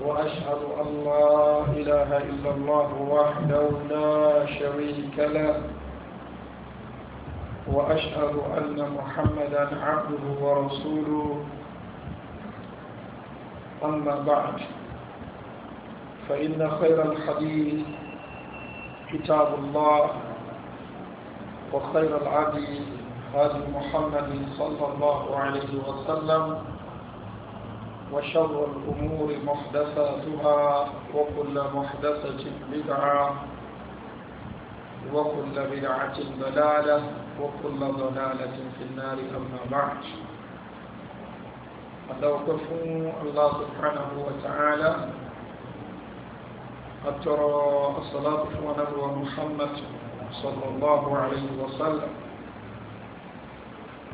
وأشهد أن لا إله إلا الله وحده لا شريك له وأشهد أن محمدا عبده ورسوله أما بعد فإن خير الحديث كتاب الله وخير العدي هدي محمد صلى الله عليه وسلم وشر الأمور محدثاتها وكل محدثة بدعة وكل بدعة ضلالة وكل ضلالة في النار أما بعد أدوكف الله سبحانه وتعالى أترى الصلاة ونبوة محمد صلى الله عليه وسلم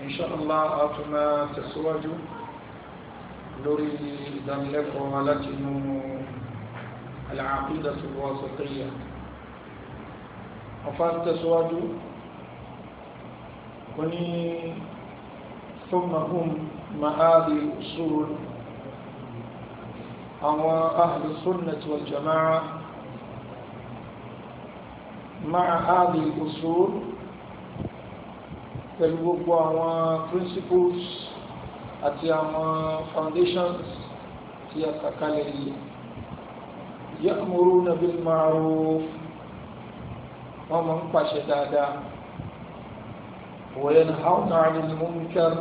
إن شاء الله أتما تسواجه lórí ìdánilẹ́kọ̀ọ́ alátinú àlàáfíà tó wọ́ sọ́tẹ́yà ọ̀fà tẹ̀síwájú kò ní fúnmahùn ma'áàrí ṣúrù àwọn ahlu sunnati wal jama'a ma'a ahli pẹ̀lú gbogbo àwọn principles àti àwọn foundations tí a kàkalẹ̀ yìí ya'muruna bil ma'ruf wọ́n máa ń pàṣẹ dáadáa wa yanhauna 'anil munkar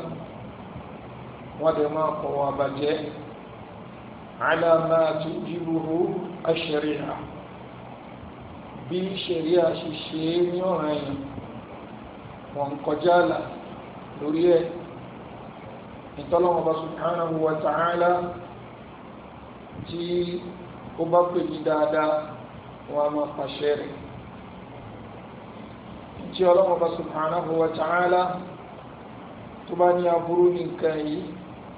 wọ́n dẹ̀ máa kọ̀ wọ́n àbàjẹ́ ala ma tujibuhu ash-shari'a bí ṣẹ̀ríà ṣe ṣe é ní ọ̀ràn yìí wọ́n kọjá àlà lórí ẹ̀ ìtọ́lọ́mọba subhanahu wa ta'ala tí ó bá pè ní dáadáa wọn a máa pàṣẹ rẹ̀ tí ọlọ́mọba subhanahu wa ta'ala tó bá ní aburú ní nǹkan yìí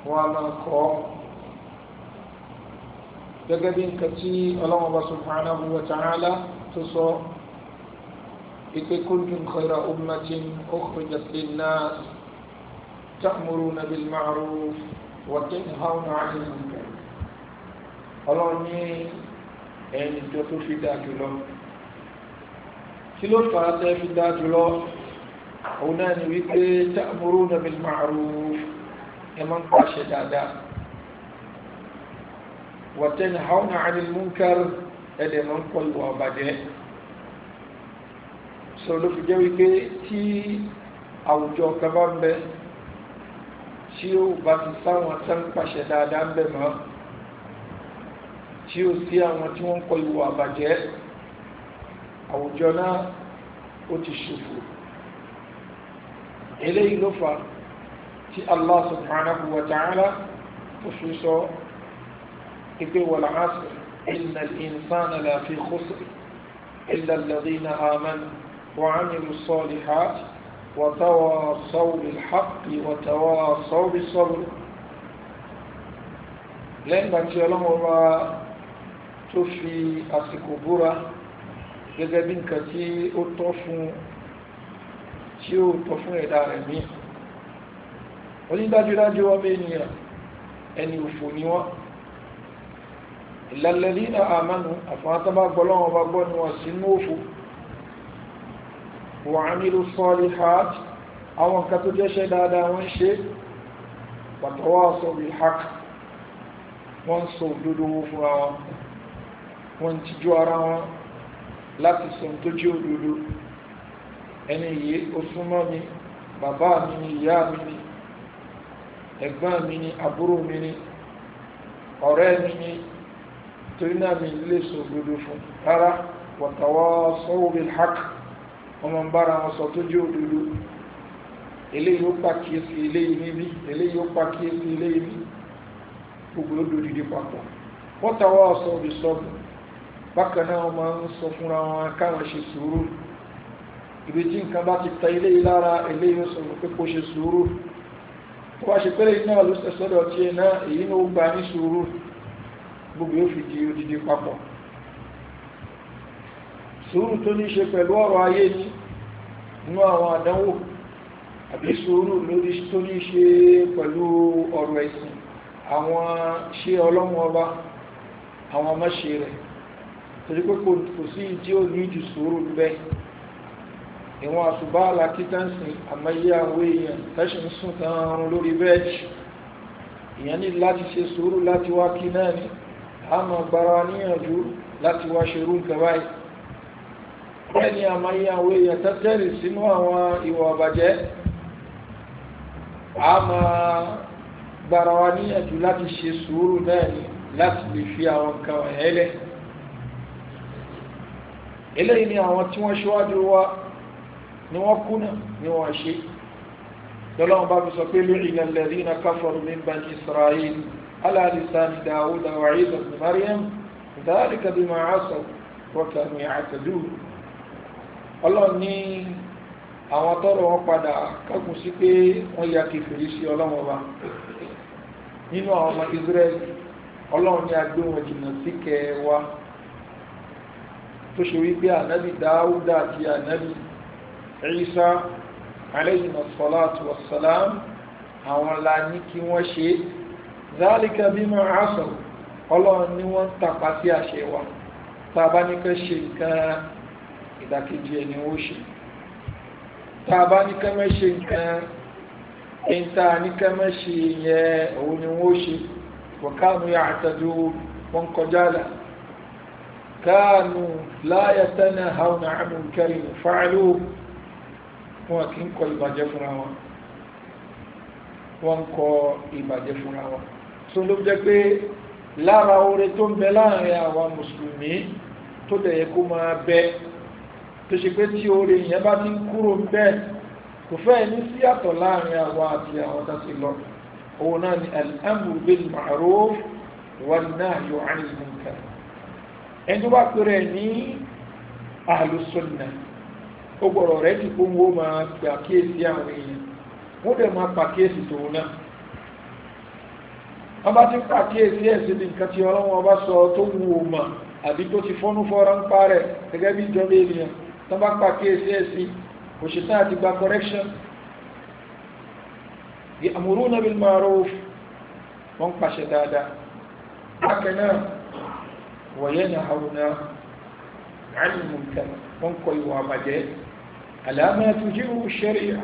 wọn a máa kọ́ ọ́ gẹ́gẹ́ bí nǹkan tí ọlọ́mọba subhanahu wa ta'ala tó sọ ìpè kuntum khayra ummatin ukhrijat lin-nas. تأمرون بالمعروف وتنهون عن المنكر ọlọ́run ní ẹni tó tó fi dáa jùlọ kí ló fà á tẹ́ fi dáa jùlọ òun náà ni wípé ta'muruna bil ma'ruf ẹ máa ń pàṣẹ dáadáa wa tanhauna 'anil munkar ẹ̀dẹ̀ máa ń kọ́ ìwà ọ̀bàjẹ́ sọ ló fi jẹ́ wípé tí àwùjọ kan bá ń bẹ tí ó bá ti sáwọn tán pàṣẹ dáadáa ń bẹ̀ mọ́ tí ó sí àwọn tí wọ́n ń kọ ìwà àbàjẹ́ àwùjọ náà ó ti ṣòfò eléyìí ló fà tí Allah subhanahu wa ta'ala tó fi sọ ìpè wal asr inna al-insana la fi khusr illa alladhina amanu wa 'amilu s-salihati. وتواصوا بالحق وتواصوا بالصبر lẹ́yìn ìgbà الله توفي ọba tó fi àsìkò búra gẹ́gẹ́ bí nǹkan tí ó tọ́ fún tí ó tọ́ fún ẹ̀dá rẹ̀ mí onídájúdájú ọmọ ènìyàn ẹni òfò ni wọ́n ìlàlẹ́lẹ́lẹ́ وعملوا الصالحات أو أنك تجشد هذا وانشي وتواصوا بالحق وانصوا دودوه وانتجوا أراوا لا تسنتجوا دودو ẹni yìí ó súnmọ́ mi bàbá mi ni ìyá mi ni ẹ̀gbọ́n mi ni àbúrò mi ni ọ̀rẹ́ mi ni torí náà mi lè sọ òdodo fún rárá watawasaw bil haqq ọmọ ń bára wọn sọ tó jẹ́ òdodo eléyìí ó pàkíyèsí eléyìí níbí eléyìí ó pàkíyèsí eléyìí níbí gbogbo odò dídí papọ̀ wọ́n tàwa ọ̀sọ̀ òbí sọ́ọ̀bù bákan náà wọ́n máa ń sọ fúnra wọn káwọn ṣe sùúrù ibi tí nǹkan bá ti ta eléyìí lára eléyìí ó sọ̀rọ̀ pé kó ṣe sùúrù tó bá ṣe pẹ́lẹ́ iná ló ṣe sọ́dọ̀ tí ẹ èyí ló gba ní sùúrù gbogbo yóò fi di odidi papọ̀ sùúrù tó ní ṣe pẹ̀lú ọ̀rọ̀ ayé ni nú àwọn àdánwò àbí sùúrù lórí tó ní ṣe pẹ̀lú ọ̀rọ̀ ẹ̀sìn àwọn ṣe ọlọ́run ọba àwọn ọmọṣe rẹ̀ torí pé kò sí ìdí ò ní ìdí sùúrù bẹ́ẹ̀ ìwọ̀n àṣùbá alákítẹ́ǹsìn àmọ́yé àwọn èèyàn tẹ́ṣì ń sùn tán ọrùn lórí bẹ́ẹ̀jì ìyẹn ní láti ṣe sùúrù láti wá kí náà ni a mọ̀ níyànjú láti wá ṣerú nǹkan báyìí bẹ́ẹ̀ ni àmàyé àwọn èèyàn tẹ́tẹ́rì sínú àwọn ìwà ọ̀bàjẹ́ a máa gbára wa níyànjú láti ṣe sùúrù náà ni láti lè fi àwọn nǹkan wọ̀nyẹn lẹ̀ eléyìí ni àwọn tí wọ́n ṣíwájú wa ni wọ́n kùnà ni wọ́n ṣe lọ́lọ́run bá fi sọ pé lu'ina alladhina kafaru min bani isra'il ala lisani dawuda wa isa ibn maryam dhalika bima asaw wa kanu ya'tadun ọlọ́run ní àwọn tọ́rọ wọn padà kágùn sí pé wọ́n ya kèfèrí sí ọlọ́run ọba nínú àwọn ọmọ Israel ọlọ́run ní agbé wọn jìnnà sí kẹwa tó ṣe wípé ànábì Dáúdà àti ànábì Ìsá alayhi salatu wassalam àwọn la ní kí wọ́n ṣe zálíkà bima asaw ọlọ́run ní wọ́n tàpá sí àṣẹ wa tá a bá ní kẹ́ ṣe nǹkan ìdàkejì ẹni ó ṣe tá a bá ní kẹ́mẹ́ ṣe nǹkan ẹ̀ńtà ní kẹ́mẹ́ ṣe yẹn òun ni wọ́n ṣe wọ́kàánù yà àtàdó wọn kọjá là káànù láyà tánà àwọn àmì kẹrin fàálù wọn kì í kọ ìbàjẹ́ fúnra wọn wọn kọ ìbàjẹ́ fúnra wọn tó ló jẹ́ pé lára oore tó ń bẹ láàrin àwọn mùsùlùmí tó dẹ̀ yẹ kó máa bẹ́ẹ̀ tó ṣe pé tí oore yẹn bá ti ń kúrò ń bẹ́ẹ̀ kò fẹ́ ní sí àtọ̀ láàrin àwọn àti àwọn tàbí lọ òun náà ni al-amru bil ma'ruf wal nahyu 'anil munkar ẹni tó bá pèrè ní ahlus ó gbọ́dọ̀ rẹ̀ ti kó wọ́n máa pàkíyèsí àwọn èèyàn wọ́n dẹ̀ máa pàkíyèsí tòun náà wọ́n bá ti pàkíyèsí ẹ̀ síbi nǹkan tí ọlọ́wọ́n bá sọ tó wù ú mà àbí tó ti fọ́nú fọ́ra ń parẹ́ gẹ́gẹ́ bí ìjọba ènìyàn tó bá pa kíyèsí ẹ̀sí òṣìṣẹ́ àti gba correction ya'muruna bil ma'ruf wọ́n pàṣẹ dáadáa bákan náà wa yanhauna 'anil munkar wọ́n kọ ìwà àbàjẹ́ àlàmà tujibu sharia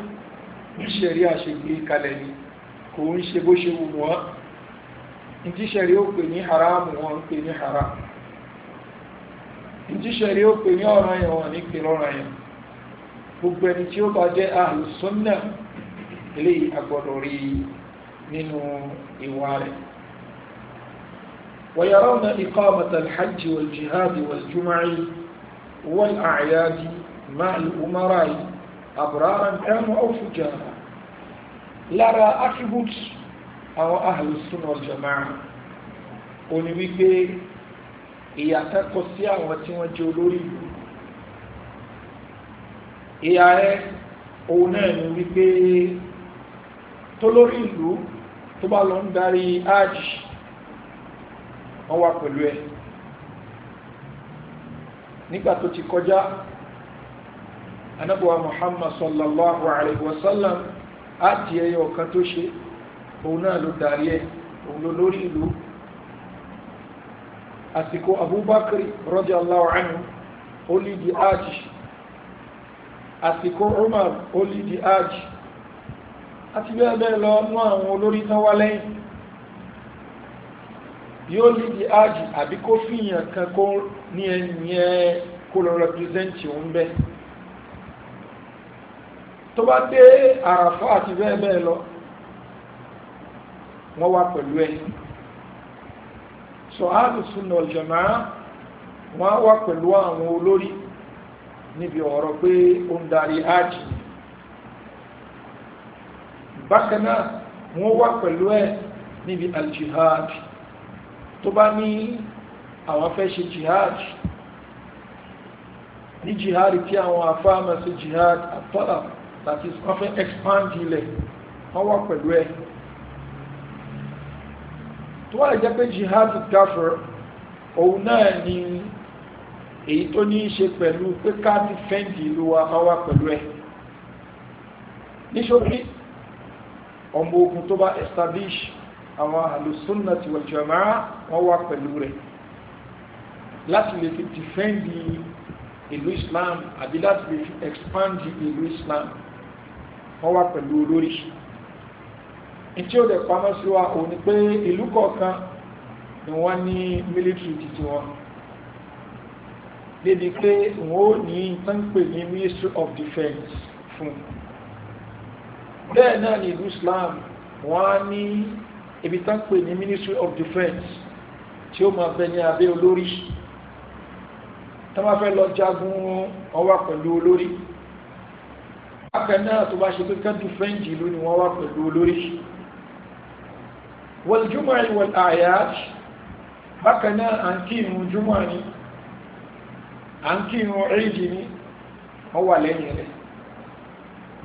ní sharia ṣe gbé kalẹ̀ ni kò ń ṣe bó ṣe wù wọ́n ní tí sharia ó pè ní haramu wọ́n pè ní haramu ìjíṣẹ́rí ó pè ní ọ̀ràn yẹn wọ̀n ní pè lọ́ràn yẹn gbogbo ẹni tí ó bá jẹ́ àlùsọ́nà lè agbọ́dọ̀ rí nínú ìwà rẹ̀ ويرون إقامة الحج والجهاد والجمع والأعياد مع الأمراء أبرارا كانوا أو فجارا lára attributes àwọn أهل السنة والجماعة ó ní ìyà kẹ́kọ̀ọ́ sí àwọn tí wọ́n jẹ́ olórí ìlú ìyà rẹ̀ òun náà ni wípé tólórí ìlú tó bá lọ ń darí ájì wọ́n wá pẹ̀lú ti kọjá anábọ̀wá Muhammad sallallahu alaihi wasallam ájì ẹyọ ya tó ṣe òun náà ló darí òun asiko abubakar radiyallahu anhu oli di aji àsìkò umar oli di aji àti bẹ́ẹ̀ bẹ́ẹ̀ lọ mú àwọn olórí tán wá lẹ́yìn lè di ájì àbí kó fìyàn kan kó ní ẹni yẹn kó lọ rẹpírẹsẹ̀ntì òun bẹ́ẹ̀ tó bá dé àràfà àti bẹ́ẹ̀ bẹ́ẹ̀ sọ alùsùnà ọ̀jọ̀má wọ́n wà pẹ̀lú àwọn olórí níbi ọ̀rọ̀ pé ó ń darí hajj bákan náà wọ́n wà pẹ̀lú ẹ̀ níbi aljihad tó bá ní àwọn fẹ́ ṣe jihad ní jihad tí àwọn afáàmà sí jihad àtọ́là that is often expand ilẹ̀ wọ́n wà pẹ̀lú ẹ̀ tó wà jẹ́ pé jihad gafur òun náà ni èyí tó ní í ṣe pẹ̀lú pé ká ti fẹ́ǹdì ìlú wa ká wá pẹ̀lú ẹ̀ níṣókí ọmọ ogun tó bá establish àwọn àlùsùnà ti wal jamaa wọ́n wá pẹ̀lú rẹ̀ láti lè fi dìfẹ́ǹdì ìlú Islam àbí láti lè fi expand ìlú Islam wọ́n wá pẹ̀lú olórí tí ó dẹ̀ pamọ́ sí wa òun ni pé ìlú kọ̀ọ̀kan ni wọ́n ní mílítírì títí wọn débi pé wọ́n ó ní tán pè ní ministry of defence fún bẹ́ẹ̀ náà ní ìlú Islam wọ́n á ní ibi tán pè ní ministry of defence tí ó máa bẹ ní abẹ́ olórí tó bá fẹ́ lọ jagun wọ́n wà pẹ̀lú olórí bákan náà tó bá ṣe pé kẹ́ńtù fẹ́ǹjì ló ni wọ́n wà pẹ̀lú olórí wọ̀lùjúmọ̀ ìwọ̀l àyàj bákan náà à ń هو júmọ̀ ما à هو kírun ríjì ni wọ́n wà lẹ́yìn rẹ̀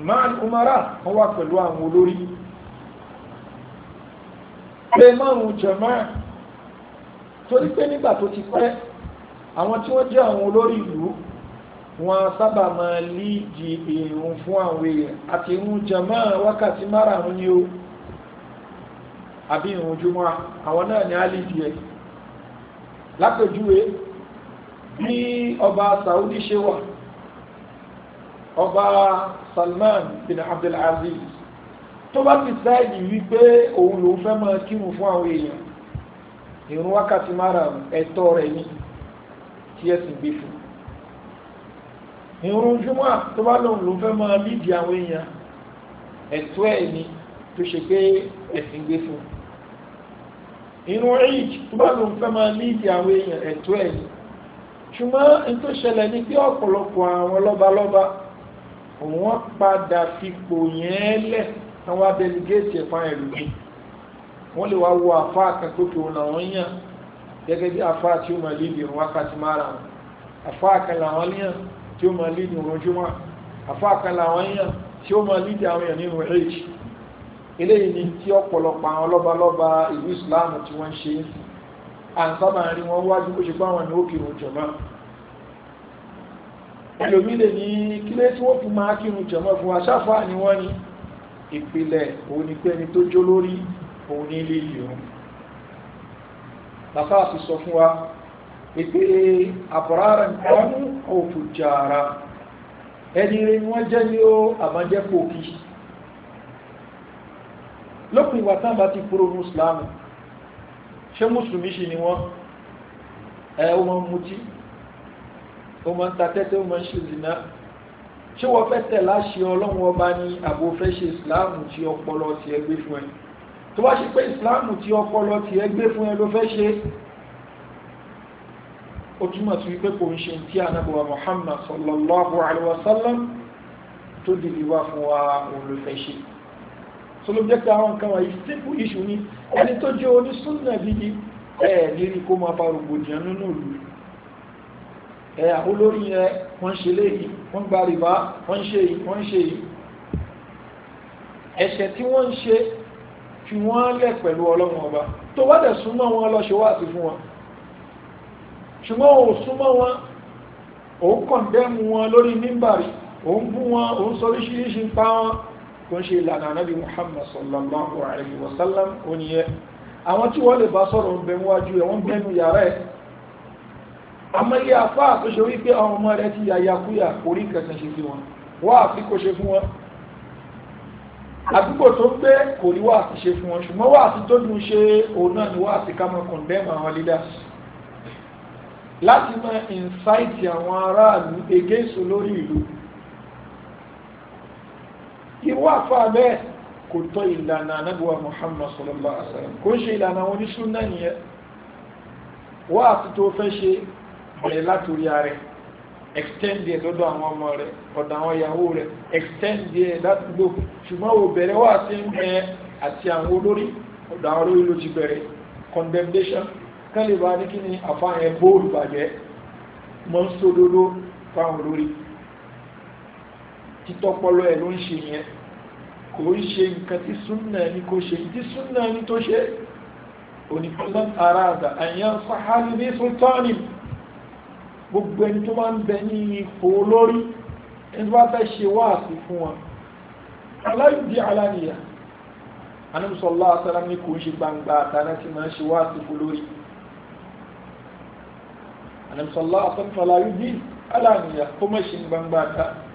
máa umara wọ́n wà pẹ̀lú àwọn olórí pé márùn-ún jẹ̀máà torí pé nígbà tó ti pẹ́ àwọn tí wọ́n jẹ́ àwọn olórí ìlú wọn sábà máa líìdì èrò fún àwọn èèyàn àti irun jẹ̀máà wákàtí márùn-ún ni ó àbí ìrìn ojúmọ́ àwọn náà ni a lè di ẹ̀ lápèjúwe bí ọba Saudi ṣe wà ọba Salman bin Abdulaziz tó bá ti sáìdì wípé òun lòun fẹ́ máa kírun fún àwọn èèyàn ìrun wákàtí márùn ẹ̀tọ́ rẹ̀ ni tí ẹ̀sìn gbé fún ìrun ojúmọ́ tó bá lòun lòun fẹ́ máa lídìí àwọn èèyàn ẹ̀tọ́ ẹ̀ ni tó ṣe pé ẹ̀sìn gbé fún un inú eid tó bá lòun fẹ́ máa líìdì àwọn èèyàn ẹ̀tọ́ ẹ̀ ni ṣùgbọ́n n tó ṣẹlẹ̀ ní pé ọ̀pọ̀lọpọ̀ àwọn lọ́balọ́ba wọ́n padà fipò yẹn lẹ̀ àwọn abẹnigéètì ẹ̀fọn ẹ̀lùmí wọ́n lè wá wo àfa àkànkókò làwọn yàn gẹ́gẹ́ bí àfa tí ó máa líìdì ìrun wákàtí mara wọn àfa àkàn làwọn yàn tí ó máa líìdì ìrun júmọ́ àfa àkàn làwọn yàn tí ó máa líìdì àwọn yàn nínú eid eléyìí ni tí ọ̀pọ̀lọpọ̀ àwọn lọ́balọ́ba ìlú islam tí wọ́n ṣe àǹsábà rí wọn wájú bó ṣe bá wọn ní òkèrò jọ̀mọ́ ẹlòmí ní kílé tí wọ́n fi máa kírun jọ̀mọ́ fún aṣáfà ni wọ́n ní ìpìlẹ̀ òun ni pé ẹni tó jó lórí òun ní ilé ìrùn làfáà ti sọ fún wa pé àbúrárà nǹkan òfò jàrà ẹni rẹ ni wọ́n jẹ́ ní ó àbájẹ́pọ̀ kìí lópin ìwà tán bá ti kúrò mùsùlámù ṣé mùsùlùmí ṣì ni wọ́n ẹ ó máa ń mutí ó máa ń ta tẹ́tẹ́ ó máa ń ṣe zina ṣé wọ́n fẹ́ tẹ̀ láṣẹ ọlọ́run ọba ní àbò fẹ́ ṣe ìsìláàmù tí ọpọlọ ti ẹ gbé fún ẹ tó bá ṣe pé ìsìláàmù tí ọpọlọ ti ẹ fún ẹ ló fẹ́ ṣe ó túmọ̀ sí wípé kò ń ṣe tí anábọ̀wá Muhammad sallallahu alaihi wasallam tó dìbì wá fún wa òun ló fẹ́ ṣe tó ló jẹ́ pé àwọn nǹkan wọ̀nyí sípò iṣu ni ẹni tó jẹ́ onísúnnà bíi ẹ̀ lérí kó máa fa rògbòdìyàn nínú ìlú ẹ̀ olórí yẹn wọ́n ṣe léyìí wọ́n gba rìbá wọ́n ṣe yìí wọ́n ṣe yìí ẹ̀ṣẹ̀ tí wọ́n ń ṣe fi wọ́n lẹ̀ pẹ̀lú ọlọ́run ọba tó wá dẹ̀ súnmọ́ wọn lọ ṣe wá fún wọn ṣùgbọ́n òun súnmọ́ wọn òun kọ̀ndẹ́mù wọn lórí mímbàrí òun bú wọn òun sọ oríṣiríṣi ń pa wọn kò ń ṣe ìlànà anábì muhammad sallallahu alayhi wa sallam ó ní yẹ àwọn tí wọ́n lè bá sọ̀rọ̀ ń bẹ níwájú ẹ̀ wọ́n bẹnu yàrá ẹ̀ àmọ́ iye afá tó ṣe wípé àwọn ọmọ rẹ̀ ti yàyàkúyà orí kankan ṣe sí wọn wọ́n àfi kò ṣe fún wọn àdúgbò tó gbé kò rí wàá ti ṣe fún wọn ṣùgbọ́n wàá ti tó dùn ṣe òun náà ni wàá ti ká mọ kọ̀ǹdẹ́mù àwọn leaders láti mọ insight àwọn aráàlú against olórí ìlú irú àfa bẹ́ẹ̀ kò tọ́ ìlànà anábíwá muhammad sallallahu alaihi wa sallam kò ń ṣe ìlànà àwọn oníṣúná nìyẹn wá àti tó fẹ́ ṣe bẹ̀rẹ̀ látòrí ààrẹ extend ẹ̀ lọ́dọ̀ àwọn ọmọ rẹ̀ ọ̀dọ̀ àwọn ìyàwó rẹ̀ extend ẹ̀ ládùúgbò ṣùgbọ́n ò bẹ̀rẹ̀ wá sí ń bẹ àti àwọn olórí ọ̀dọ̀ àwọn olórí ló ti bẹ̀rẹ̀ condemnation kálíbà ní kí ni àfáàyàn bóòlù bàjẹ́ mọ́ ń sódodo fáwọn olórí títọ́pọlọ ẹ̀ ló ń ṣe yẹn kò ń ṣe nǹkan tí súnà ní kò ṣe tí súnà ní tó ṣe onípọ́sán ara àgbà àyàn sahari ní sultani gbogbo ẹni tó máa ń bẹ ní ipò olórí ẹni bá fẹ́ ṣe wáàsí fún wọn aláìdí aláníyà anúsọ̀lá àtàrà ní kò ń ṣe gbangba àtàrà tí máa ń ṣe wáàsí fún lórí anúsọ̀lá àtàrà aláìdí aláníyà kó ṣe gbangba àtàrà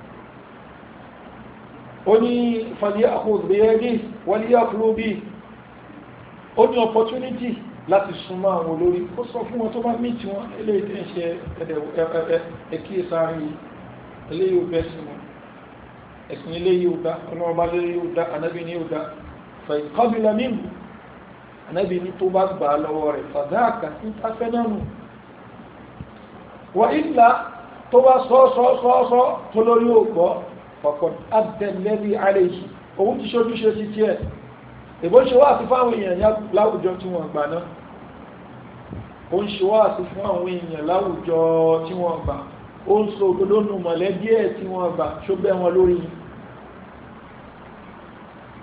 ó ní fàlẹ́ àkóògbéyẹ́rí wọlé àkúróbì ó ní opportunity láti súnmọ́ àwọn olórí ó sọ fún wọn tó bá mìtì wọn ilé ìtẹ́ṣẹ́ ẹ̀kí ìsáàrí ilé yóò bẹ́ sí wọn ẹ̀sìn ilé yóò dá ọlọ́run bá lórí yóò dá anábì ní yóò dá fẹ̀yìn kọ́bílà mímu anábì ní tó bá gbà á lọ́wọ́ rẹ̀ fàdáàkà ń tafẹ́ náà nù wà ìlà tó bá sọ́ọ́sọ́ọ́sọ́ tó lórí ògbọ́ fọ̀kàn abdẹ̀lẹ́bí àlejì òun ti ṣojúṣe sí tiẹ̀ èbó ń ṣe wá àti fáwọn èèyàn láwùjọ tí wọ́n gbà náà ó ń ṣe wá àti fún àwọn èèyàn láwùjọ tí wọ́n gbà ó ń sọ òdodo nù mọ̀lẹ́bí ẹ̀ tí wọ́n gbà ṣó bẹ́ wọn lórí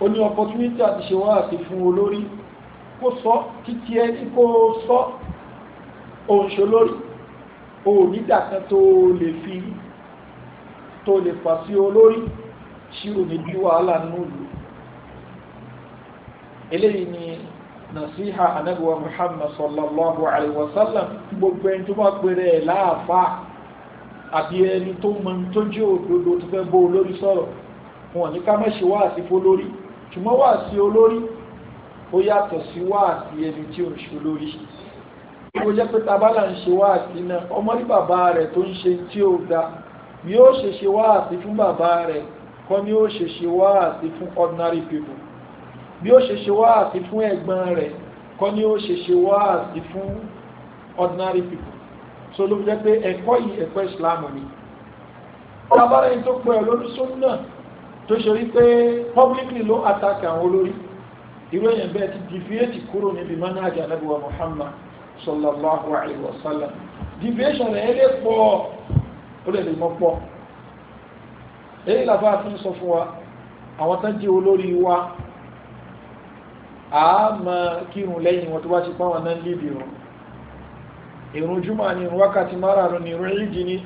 ó ní opportunity àti ṣe wá àti fún olórí kó sọ títí ẹ ní kó sọ òun ṣolórí òun nígbà kan tó lè fi tó lè fà sí olórí tí ò ní bí wàhálà núlù eléyìí ni nasiha anabiwa muhammad sallallahu alaihi wasallam gbogbo ẹni tó bá pèrè ẹ̀ láàfáà àbí ẹni tó mọ tó jẹ́ òdodo tó fẹ́ bó olórí sọ̀rọ̀ wọn ní ká mẹ́ṣe wá sí fólórí ṣùgbọ́n wá sí olórí ó yàtọ̀ sí wá sí ẹni tí ò ń ṣe olórí ó jẹ́ pé tabala ń ṣe wá sí náà ọmọ ní bàbá rẹ̀ tó ń ṣe tí ó ga ni ó ṣe ṣe wáàsí fún bàbá rẹ̀ kọ́ ni ó ṣe ṣe wáàsí fún ordinary people bí ó ṣe ṣe wáàsí fún ẹ̀gbọ́n rẹ̀ kọ́ ni ó ṣe ṣe wáàsí fún ordinary people so ló fi jẹ́ pé ẹ̀kọ́ yìí ẹ̀kọ́ Islam ni tábàrà yìí tó pẹ́ olórí sọ́nà tó ṣe rí pé publicly ló attack àwọn olórí irú èèyàn bẹ́ẹ̀ ti deviate kúrò níbi manhaj anabiwa Muhammad sallallahu alaihi wasallam sallam deviation rẹ̀ lè pọ̀ ó lè lè mọ́ pọ̀ èyí làbá fi ń sọ fún wa àwọn tán jẹ́ olórí wa a máa kírun lẹ́yìn wọn tó bá ti pa wọn náà líbi wọn ìrun júmọ̀ ni ìrun wákàtí márààrún ni ìrun ìjì ni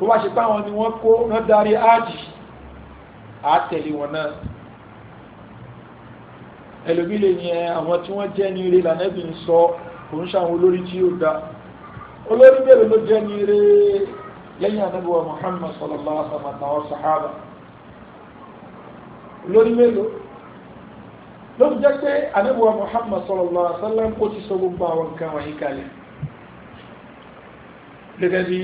tó bá ṣe pa wọn ni wọ́n kó wọ́n darí áàjì á tẹ̀lé wọn náà ẹlòmí lè yẹn àwọn tí wọ́n jẹ́ ní ire lànàbì ń sọ òun ṣàwọn olórí tí ó da olórí bẹ̀rẹ̀ ló jẹ́ ní ire lẹ́yìn anábíwá Muhammad sallallahu alaihi wa sallam àwọn sahaba lórí mélòó ló fi jẹ́ pé anábíwá Muhammad sallallahu alaihi wa sallam ó ti sọ gbogbo àwọn nǹkan wọ̀nyí kalẹ̀ gẹ́gẹ́ bí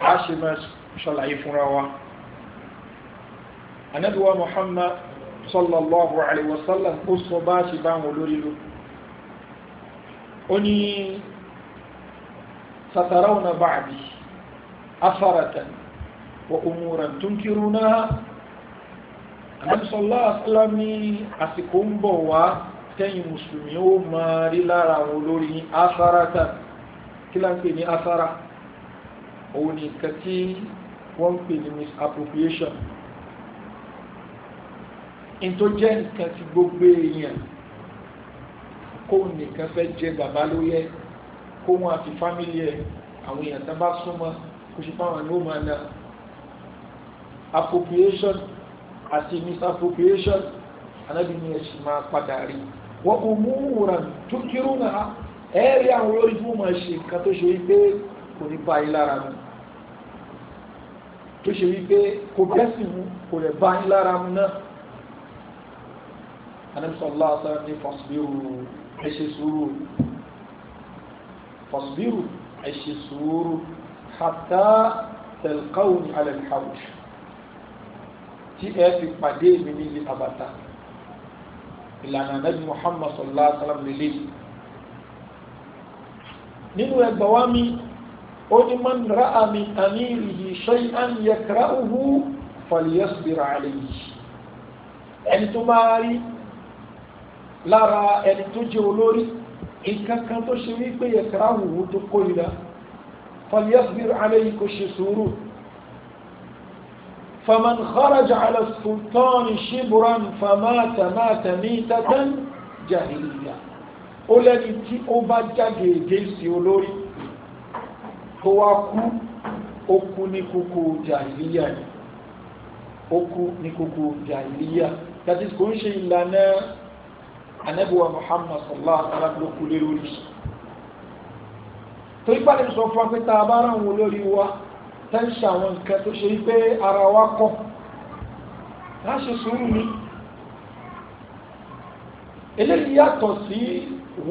a ṣe máa ṣàlàyé fúnra wa anábíwá Muhammad sallallahu alaihi wa sallam sọ bá ṣe bá wọn lórí lò ó ní satarawna ba'di أثرة وأمورا تنكرونها النبي صلى الله عليه وسلم أسكم بوا تين مسلمي وما رلا ولوري أثرة كلا كني أثرة أوني كتي wọ́n pè ní misappropriation in tó jẹ́ nǹkan tí gbogbo èèyàn kó nìkan fẹ́ jẹ bàbá ló yẹ kó wọn àti fámìlì ẹ̀ àwọn èèyàn tán bá súnmọ́ kò sí fáwọn ló máa na appropriation àti misappropriation anábì ní ẹ̀sìn máa padà rí wọ́n kò mú wùràn tó kírun náà ẹ̀ẹ́rì àwọn olórí tí wọ́n máa ṣe nǹkan tó ṣe wípé kò ní bá yín lára mu tó ṣe wípé kò bẹ́sìn mu kò lè bá yín lára mu náà anamsọlá sáà ní fọsibíru ẹ sùúrù fọsibíru ẹ sùúrù hatta telkauni alalhawj tí ẹ fi pàdé mi ní ilé abata ìlànà nabi muhammad sallallahu alaihi wa sallam lè léyìí nínú ẹgbà wa mi ó ní man ra'a min amirihi shay'an yakra'uhu falyasbir alayhi ẹni tó máa rí lára ẹni tó jẹ́ olórí nǹkan kan tó ṣe wípé yakra'uhu tó kórìíra. فليصبر عليه kó ṣe sùúrù فمن خرج على السلطان شبرا فمات مات ميتة جاهلية ó lẹ́ni tí ó bá jáde gẹ̀ẹ́sì olórí tó wá kú ó kú ní kúkú jàìlíyà ni ó kú ní kúkú jàìlíyà that is kò ń ṣe ìlànà anabiwa muhammad sallallahu alaihi wa sallam ló kú lé lórí torí pàdé sọ fún wa pé tá a bá ráwọn olórí wa tẹ́ ń ṣe àwọn nǹkan tó ṣe pé ara wa kọ̀ á ṣe sùúrù ni eléyìí yàtọ̀ sí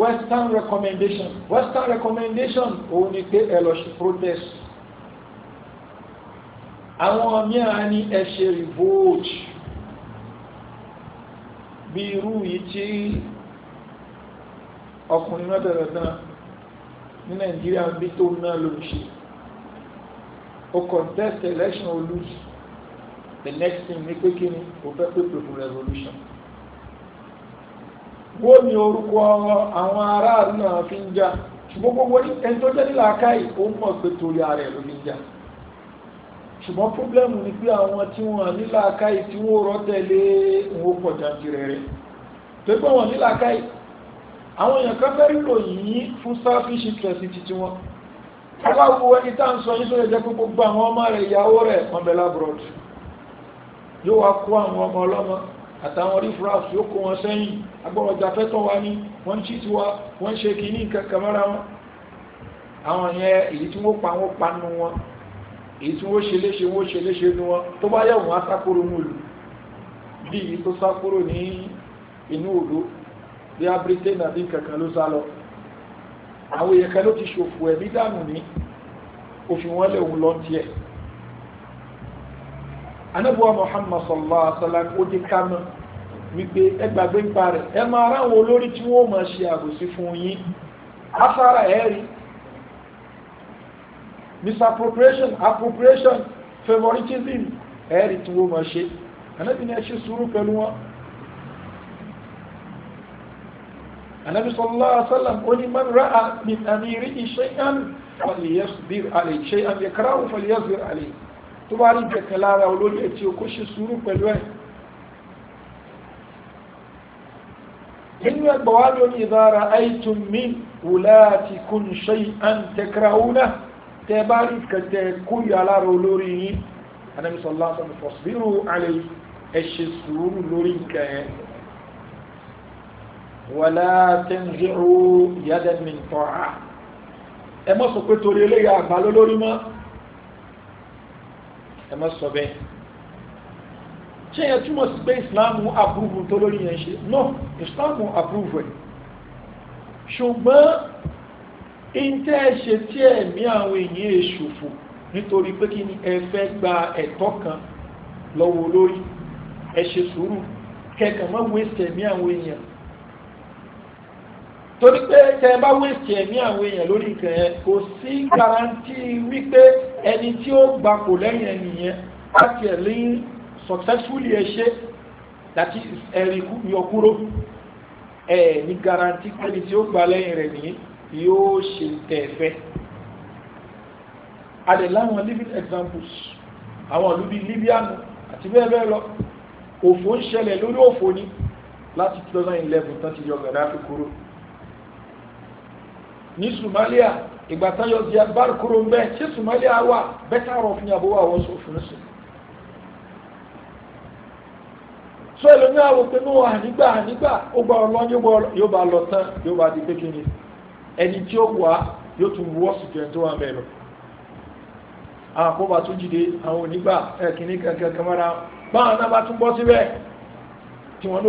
western recommendation western recommendation òun ni pé ẹ lọ ṣe protest àwọn mìíràn ní ẹ ṣe revolt bí irú yìí tí ọkùnrin náà bẹ̀rẹ̀ náà ní nàìjíríà bí tó náà ló ń ṣe ó contest election ó lose the next thing ní pé kí ni ó fẹ́ pépè fún revolution wo ni orúkọ àwọn aráàlú náà fi ń jà ṣùgbọ́n gbogbo ẹni tó jẹ́ nílà káì ó mọ̀ pé torí ara ẹ̀ ló fi ń jà ṣùgbọ́n pọ́blẹ́mù ni pé àwọn tí wọ́n nílà káì tí wọ́n rọ́ tẹ̀lé òun ó pọ̀ jàǹtìrẹrẹ tó gbọ́n wọn nílà káì àwọn èèyàn kan fẹ́ ríro yìí fún selfish interest ti ti wọn aláwo ẹni tá à ń sọ yìí tó lè jẹ́ pé gbogbo àwọn ọmọ rẹ̀ ìyàwó rẹ̀ wọn bẹ̀ lábúrọ̀d yóò wá kó àwọn ọmọ ọlọ́mọ àtàwọn rífúráf yóò kó wọn sẹ́yìn agbọ́rọ̀jà fẹ́tọ̀ wa ní wọ́n ń chíti wa wọ́n ṣe kìíní nǹkan kàmọ́ra wọn àwọn yẹn èyí tí wọ́n pa wọ́n pa nu wọn èyí tí wọ́n ṣe léṣe wọ́n ṣe léṣe nu wọn tó bá yẹ̀ wọ́n á sákóró lù bí èyí tó sákóró ní inú òdo bí a britain àbí kankan ló sá lọ àwọn èèyàn kan ló ti ṣòfò ẹ̀mí dànù ní òfin wọn lẹ́wù lọ tiẹ̀ anábọ́wá muhammad sallallahu alaihi wasallam ó di kánú wípé ẹ gbàgbé ń parẹ́ ẹ máa ráwọn olórí tí wọ́n máa ṣe àgòsí fún yín afárá ẹ̀ rí misappropriation appropriation favoritism ẹ̀ rí tí wọ́n máa ṣe anábìnrin ẹ ṣe sùúrù pẹ̀lú wọn. anabi sallallahu alaihi wasallam ó ní man ra'a min amiri shay'an falyasbir alayhi shay'an yakrahu falyasbir alayhi tó bá rí kẹ̀kẹ́ lára olórí ẹ̀tí o kó ṣe sùúrù pẹ̀lú ẹ̀ nínú ẹgbà wá lórí ìdára aitum min wùláàtì kún ṣe àn tẹkraúnà tẹ bá rí kẹ̀kẹ́ kúrò lára olórí yìí anamisọ̀lá sọ̀rọ̀ fọ̀sbírù alẹ́ ẹ ṣe sùúrù lórí nǹkan ẹ̀ wala tanzi'u yadan min ta'a ẹ má sọ pé torí eléyà àgbà lólórí mọ́ ẹ má sọ bẹ́ẹ̀ ṣé yẹn túmọ̀ sí pé ìsìláàmù àbúrúfù tó lórí yẹn ṣe no ìsìláàmù àbúrúfù ẹ̀ ṣùgbọ́n ìntẹ́ ṣe tí ẹ̀mí àwọn èèyàn èṣòfò nítorí pé kí ni ẹ fẹ́ gba ẹ̀tọ́ kan lọ́wọ́ lórí ẹ ṣe sùúrù kẹkàn mọ́ wẹ́sẹ̀ ẹ̀mí àwọn èèyàn torí pé tẹ ẹ bá wéṣì ẹ̀mí àwọn èèyàn lórí nǹkan yẹn kò sí garanti wípé ẹni tí ó gbà kò lẹ́yìn ẹni yẹn láti ẹ̀ lé successfully ẹ ṣe láti ẹ̀rí yọkúrò ẹ̀ ní garanti pé ẹni tí ó gbà lẹ́yìn rẹ̀ nìyí yóò ṣe tẹ̀fẹ́ adẹ̀ láwọn living examples àwọn ìlú bíi libyanu àti bẹ́ẹ̀ bẹ́ẹ̀ lọ òfò ń ṣẹlẹ̀ lórí òfò ni láti 2011 tán ti yọ Gaddafi kúrò ní Somalia ìgbà táyọ̀ Ziad Barre kúrò ń bẹ́ ṣé Somalia wà better off ní àbúrò àwọn sòfin sí so ẹlòmí àwọn pé ní ànígbà ànígbà ó gba ọlọ́ yóò bá lọ tán yóò bá di pékinni ẹni tí ó wà yóò tún wọ́ọ̀sì jẹ tó wà mẹ́rin àwọn àkóbá tún jìde àwọn onígbà kankan kamara báwọn náà bá tún bọ́ síbẹ̀ tí wọ́n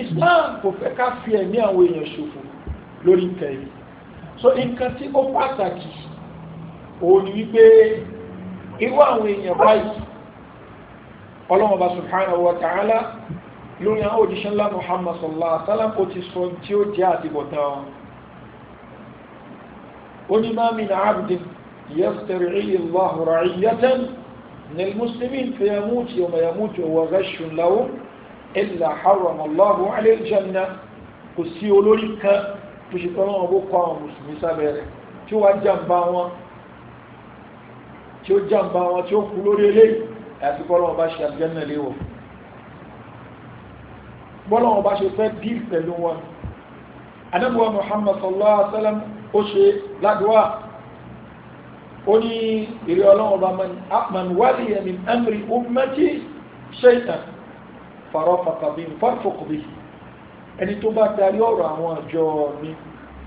Islam kò fẹ́ ká fi ẹ̀mí àwọn èèyàn ṣòfò lórí nǹkan so nǹkan tí ó pàtàkì òun ni wípé irú àwọn èèyàn báyìí ọlọ́run ọba subhanahu wa ta'ala lórí àwọn òjíṣẹ́ ńlá muhammad sallallahu alaihi wa sallam kò ti sọ tí ó jẹ́ àtibọ̀tán wọn ó ní ma min abdin yastari'i Allahu ra'iyatan min al-muslimin fayamutu yawma yamutu wa ghashun lahum illa haramallahu alayhi janna kò sí olórí kan tó ṣe tọ́lọ́ wọn bó kọ́ àwọn mùsùlùmí sábẹ́ rẹ̀ tí ó wá jàǹbá wọn tí ó jàǹbá wọn tí ó kú lórí eléyìí àti kọ́ lọ́wọ́ bá ṣe àjẹ́nà léwọ̀ bọ́lọ́wọ́ bá ṣe fẹ́ díl pẹ̀lú wọn anábúwa muhammad sallallahu alaihi wasallam ó ṣe ládùúwà ó ní ìrẹ́ ọlọ́wọ́ bá man wali min amri ummati shaytan farafaka bí farafaka bí ẹni tó bá darí ọ̀rọ̀ àwọn àjọ mi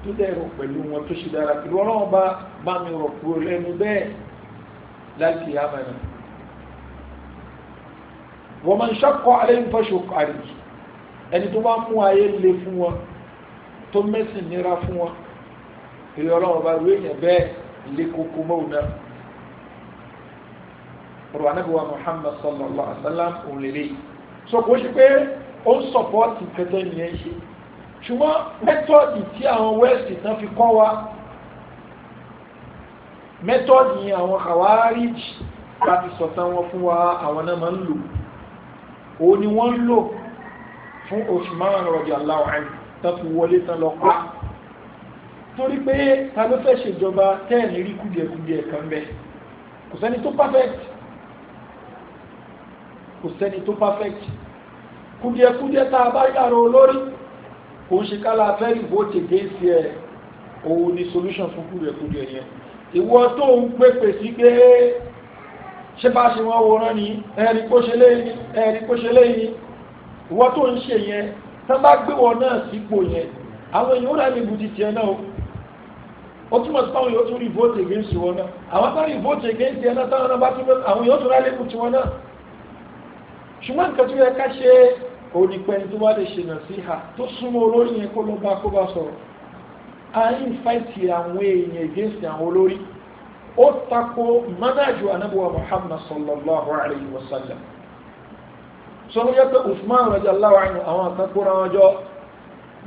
tó dẹ̀rọ pẹ̀lú wọn tó ṣe dára ìlú ọlọ́run bá bá mi rọ̀ kúrò lẹ́nu bẹ́ẹ̀ láti àmàlà wọ́n máa ń ṣàkọ́ alẹ́ ń fọ́ṣọ kárí ẹni tó bá mú ayé le fún wọn tó mẹ́sìn nira fún wọn ìlú ọlọ́run bá rú èèyàn bẹ́ẹ̀ lé koko mọ́wù ọ̀rọ̀ anábìwá Muhammad sallallahu alaihi wa sallam òun lè léyìí so kò ṣe pé ó ń sọ̀pọ̀tì kẹtẹ nìyẹn ṣe ṣùgbọ́n mẹ́tọ́ọ̀dì tí àwọn west tán fi kọ́ wa mẹ́tọ́ọ̀dì àwọn khawarij láti sọ̀tàn wọn fún wa àwọn náà máa ń lò òun ni wọ́n ń lò fún Usman radiyallahu anhu tán fi wọlé tán lọ pa torí pé ta ló fẹ́ ṣèjọba tẹ́ẹ̀ ní rí kùdìẹ̀kùdìẹ̀ kan bẹ́ẹ̀ kò sẹ́ni tó perfect kò sẹ́ni tó perfect kúdíẹ̀kúdíẹ̀ tá a bá yàrá olórí kò ń ṣe kálá fẹ́rì vote against ẹ̀ òun ni solution fún kúdíẹ̀kúdíẹ̀ yẹn ìwọ tó ń pèpè sí pé ṣé bá ṣe wọ́n wòran ni ẹ̀rí kó ṣe léyìn ẹ̀rí kó ṣe léyìn ìwọ tó ń ṣe yẹn tán bá gbé wọn náà sípò yẹn àwọn èèyàn ó rà ní ibùdí tiẹ̀ náà ó túmọ̀ sí táwọn yóò tún rí vote against wọn náà àwọn táwọn rí vote against ẹ̀ náà táwọn náà bá tún àwọn yóò tún rà lẹ́kùn tiwọn náà ṣùgbọ́n nǹkan tó yẹ ká ṣe onípẹ́ni tó wá lè ṣe nà sí ha tó súnmọ́ olórí yẹn kó ló bá kó bá sọ̀rọ̀ a ń fàìtì àwọn èèyàn against àwọn olórí ó tako manájú anábọ̀wá Muhammad sallallahu alayhi wa sallam sọ́nà yẹ pé Usman radiyallahu anhu àwọn àtàkùnrin àwọn ọjọ́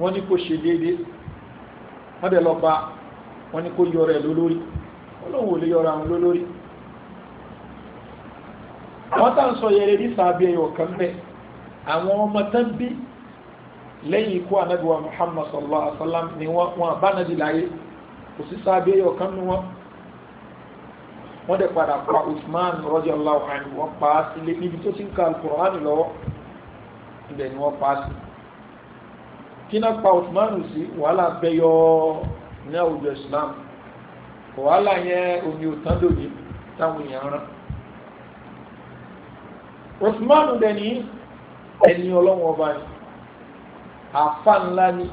wọ́n ní kò ṣe déédéé wọ́n dẹ̀ lọ bá wọ́n ní kò yọrọ ẹ̀ lólórí olóhùn ò lè yọrọ àwọn lólórí àwọn tá à ń sọ yẹrẹ ní sàbí ẹyọ kan bẹ àwọn ọmọ tán bí lẹ́yìn ikú anabi muhammad sallallahu alaihi wa sallam ni wọn abánadi láyé kò sí sàbí ẹyọ kan ni wọn wọ́n dẹ̀ padà pa usman radiyallahu anhu wọ́n pa á sílé níbi tó ti ń ka alukur'an lọ́wọ́ ibẹ̀ ni wọ́n pa á sí. kí náà pa usman sí wàhálà bẹyọ ní àwùjọ islam wàhálà yẹn omi ò tán lòdì táwọn èèyàn rán. Usman dẹni ẹni ọlọ́wọ́n ọba ni àfa ńlá ni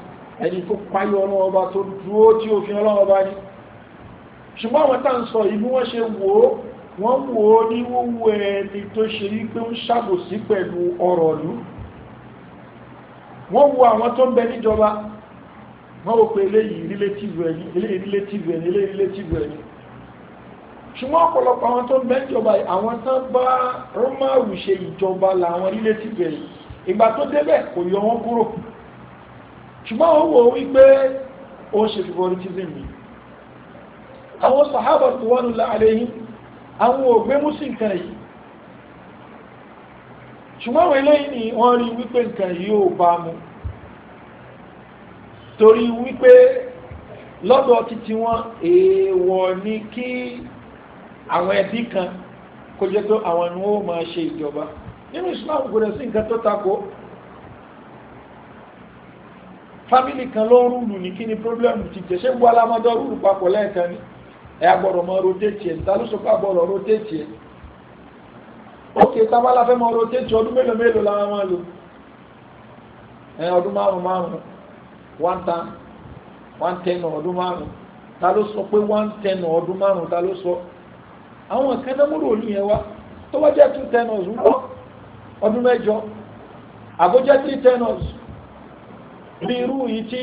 ẹni tó páyọ ọlọ́wọ́n ọba tó dúró tí òfin ọlọ́wọ́n ọba ni ṣùgbọ́n àwọn tá à ń sọ yìí bí wọ́n ṣe wò ó wọ́n wò ó ní wíwú ẹni tó ṣe rí pé ń ṣàbòsí pẹ̀lú ọ̀rọ̀ ìlú wọ́n wo àwọn tó ń bẹ níjọba wọ́n wò pé eléyìí relative ẹni eléyìí relative ẹni eléyìí relative ẹni ṣùgbọ́n ọ̀pọ̀lọpọ̀ àwọn tó mẹ́jọba àwọn tán bá romaru ṣe ìjọba làwọn ilé ti bẹ̀rẹ̀ ìgbà tó débẹ̀ kò yọ wọ́n kúrò ṣùgbọ́n ó wò wípé ó ṣe favoritism ni àwọn sàhábà tó wọ́n lọ àlẹ́yìn àwọn ògbé músìn kan yìí ṣùgbọ́n àwọn eléyìí ni wọ́n rí wípé nǹkan yìí ò bá mu torí wípé lọ́dọ̀ títí wọn èèwọ̀ ni kí àwọn ẹbí kan kò jẹ́ tó àwọn ni wọ́n máa ṣe ìjọba nínú Islam kò rẹ̀ sí nǹkan tó takò kan ló ń ní kí ni problem ti jẹ́ ṣé ń bọ́ alámọ́dọ́ papọ̀ lẹ́ẹ̀kan ni ẹ̀ agbọ̀rọ̀ mọ́ rotéètì ẹ̀ ta ló sọ pé agbọ̀rọ̀ ẹ̀ ókè fẹ́ ọdún mélòó mélòó làwọn máa lò ẹ̀ àwọn kan náà múrò ní yẹn wá tó wá jẹ́ two tenors ń bọ́ ọdún mẹ́jọ àbójẹ́ three tenors bí irú yìí tí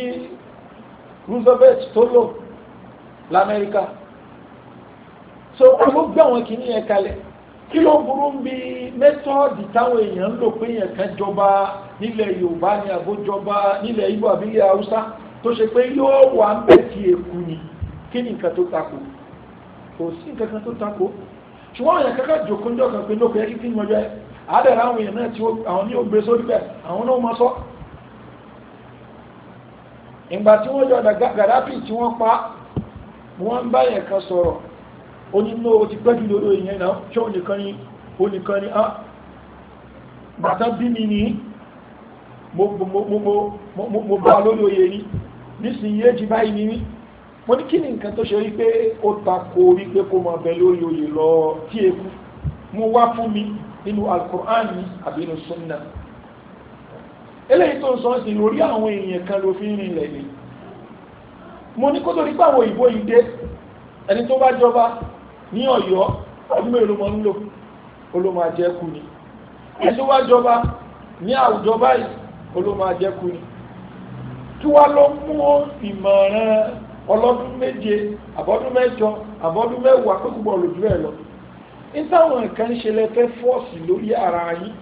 Roosevelt tó lò l'Amẹ́ríkà so ló gbé àwọn kìíní yẹn kalẹ̀ kí ló burú ń bi mẹ́tọ́ọ̀dì táwọn èèyàn ń lò pé yẹn kan jọba nílẹ̀ Yorùbá ni àbójọba nílẹ̀ Ìgbò àbílẹ̀ Haúsá tó ṣe pé yóò wà ń bẹ̀ tí èkú ni kí ni nǹkan tó takò kò sí nǹkan kan tó takò ṣùgbọ́n èèyàn kankan jòkóńjọ́ kan pé lóko yẹ kí kíni ọjọ́ ẹ àádẹ́rẹ́ àwọn èèyàn náà tí àwọn ní ògbé sórí bẹ́ẹ̀ àwọn náà máa sọ ìgbà tí wọ́n yọ Gaddafi tí wọ́n pa wọ́n ń bá yẹn kan sọ̀rọ̀ ó ní ní o ti pẹ́jù lórí èèyàn náà ṣé ni ó nìkan ni ah bàtà bí mo bá lórí oyè yìí nísìnyí èjì báyìí ní mo ní kí ni nǹkan tó ṣe rí pé ó tako orí pé kó máa bẹ lórí oyè lọ tí eku mo wá fún mi nínú alukur'an ni àbí nínú sunna eléyìí tó ń sọ sí lórí àwọn èèyàn kan ló fi ń rìn lẹ́yìn mo ní kó tó rí pé àwọn òyìnbó yìí dé ẹni tó bá jọba ní Ọ̀yọ́ ọdún mélòó mọ ń lò olóma àjẹkù ni ẹni tó bá jọba ní àwùjọ báyìí olóma àjẹkù ni kí wá ló mú ìmọ̀ràn ọlọ́dún méje àbọ́dún mẹ́jọ àbọ́dún mẹ́wàá pé púpọ̀ lójú ẹ̀ lọ nítawọn nǹkan ń ṣe lẹ́fẹ́ fọ́ọ̀sì lórí ara yín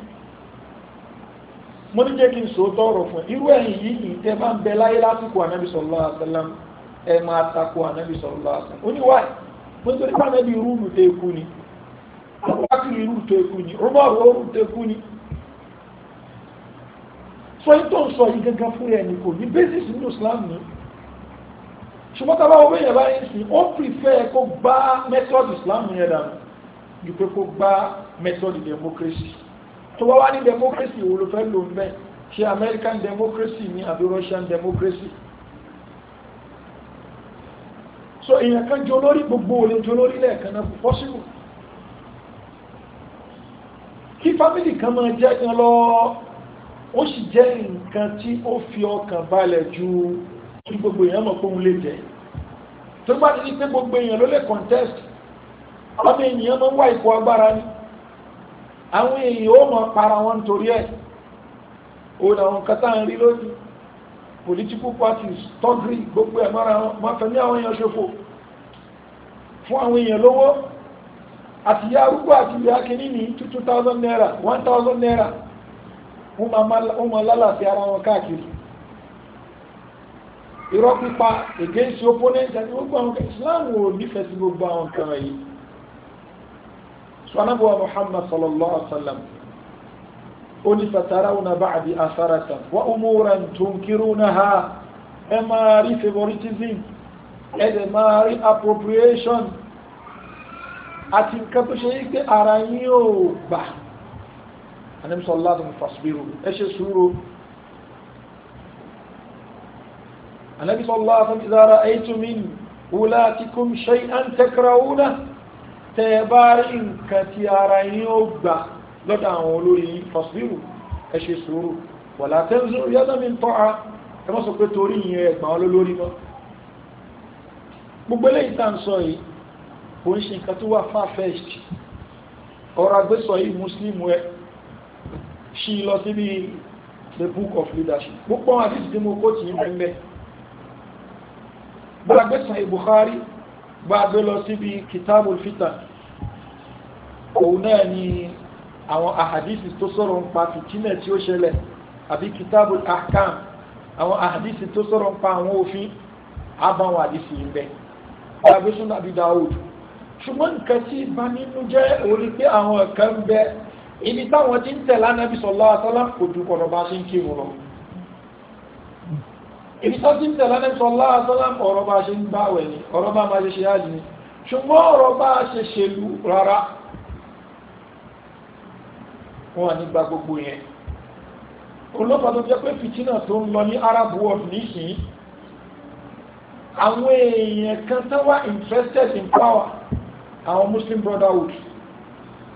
mo ní jẹ́ kí n sòótọ́ fún irú ẹ̀yìn yìí ìtẹ́ máa ń bẹ láyé lásìkò ànábì sallallahu alaihi ẹ máa takò ànábì sallallahu alaihi oníwáyé ṣùgbọ́n tá a bá wọ bẹ́yẹn bá yín sìn ó prefer kó gbá method Islam yẹn dànù ju pé kó gbá method democracy tó wá wá ní democracy wo ló fẹ́ lò ń bẹ́ ṣe American democracy ni àbí Russian democracy so èèyàn kan jẹ olórí gbogbo olè jẹ olórí lẹ́ẹ̀kan náà possible kí fámìlì kan máa jẹ́ kan lọ ó sì jẹ́ nǹkan tí ó fi ọkàn balẹ̀ ju kí gbogbo èèyàn mọ̀ pé òun lè jẹ́ tó bá ti di pé gbogbo èèyàn ló lè contest ọmọ ènìyàn máa ń wá ipò agbára ni àwọn èèyàn ó máa para wọn nítorí ẹ̀ òun àwọn kata ń rí lónìí political parties tọ́gìrì gbogbo ẹ̀ mọ́ra wọn máa fẹ́ ní àwọn èèyàn ṣòfò fún àwọn èèyàn lówó àti ìyá arúgbó àti ìyá kìíní ní two thousand naira one thousand naira wọ́n máa lálàsí ara wọn káàkiri irọ́ pípa against opponent àti gbogbo àwọn kan islam ò nífẹ̀ẹ́ sí gbogbo àwọn kan yìí sọ́nàbù wa muhammad sallallahu alaihi wa sallam ó ní satarawna ba'di asarata wa umuran tunkirunaha ẹ máa rí favoritism ẹ dẹ̀ máa rí appropriation àti nǹkan tó ṣe yí pé ara yín ò gbà anamsọ̀lá tó ń ẹ ṣe sùúrù anabi sallallahu alaihi wasallam idha ra'aytum min wulatikum shay'an takrahuna tẹ́ bá rí nǹkan tí ara yín ó gbà lọ́dọ̀ àwọn olórí yín fasbiru ẹ ṣe sùúrù wala tanzu yadan min ta'a ẹ má sọ pé torí ìyẹn ẹ̀gbọ́n olólórí náà gbogbo eléyìí tá à ń sọ yìí kò ń ṣe nǹkan tó wà far-fetched ọ̀rọ̀ àgbésọ yìí muslim ẹ ṣí lọ síbi the book of leadership gbogbo àwọn àdìsí tí mo kó tì í mẹ́mẹ́ gbàgbé sàn Bukhari gbàgbé lọ síbi kitabul fitan òun náà ni àwọn ahadisi tó sọ̀rọ̀ ń pa fìtínà tí ó ṣẹlẹ̀ àbí kitabul ahkam àwọn ahadisi tó sọ̀rọ̀ ń pa àwọn òfin àbáwọn àdìsí ń bẹ gbàgbé sàn Abi Dawud ṣùgbọ́n nǹkan tí bá nínú jẹ́ orí pé àwọn kan bẹ ibi táwọn ti ń tẹ̀lé anábì sallallahu ibi tó ti ń tẹ̀lé ẹ̀sọ́ láàtọ́lá ọ̀rọ̀ bá ṣe ń bá wẹ̀ ni ọ̀rọ̀ bá máa ṣe ṣe áàjì ni ṣùgbọ́n ọ̀rọ̀ bá ṣe ṣèlú rárá wọn ní gba gbogbo yẹn olóòpàá tó jẹ́ pé fìtínà tó ń lọ ní Arab world nísìnyí àwọn èèyàn kan tó wà interested in power àwọn Muslim Brotherhood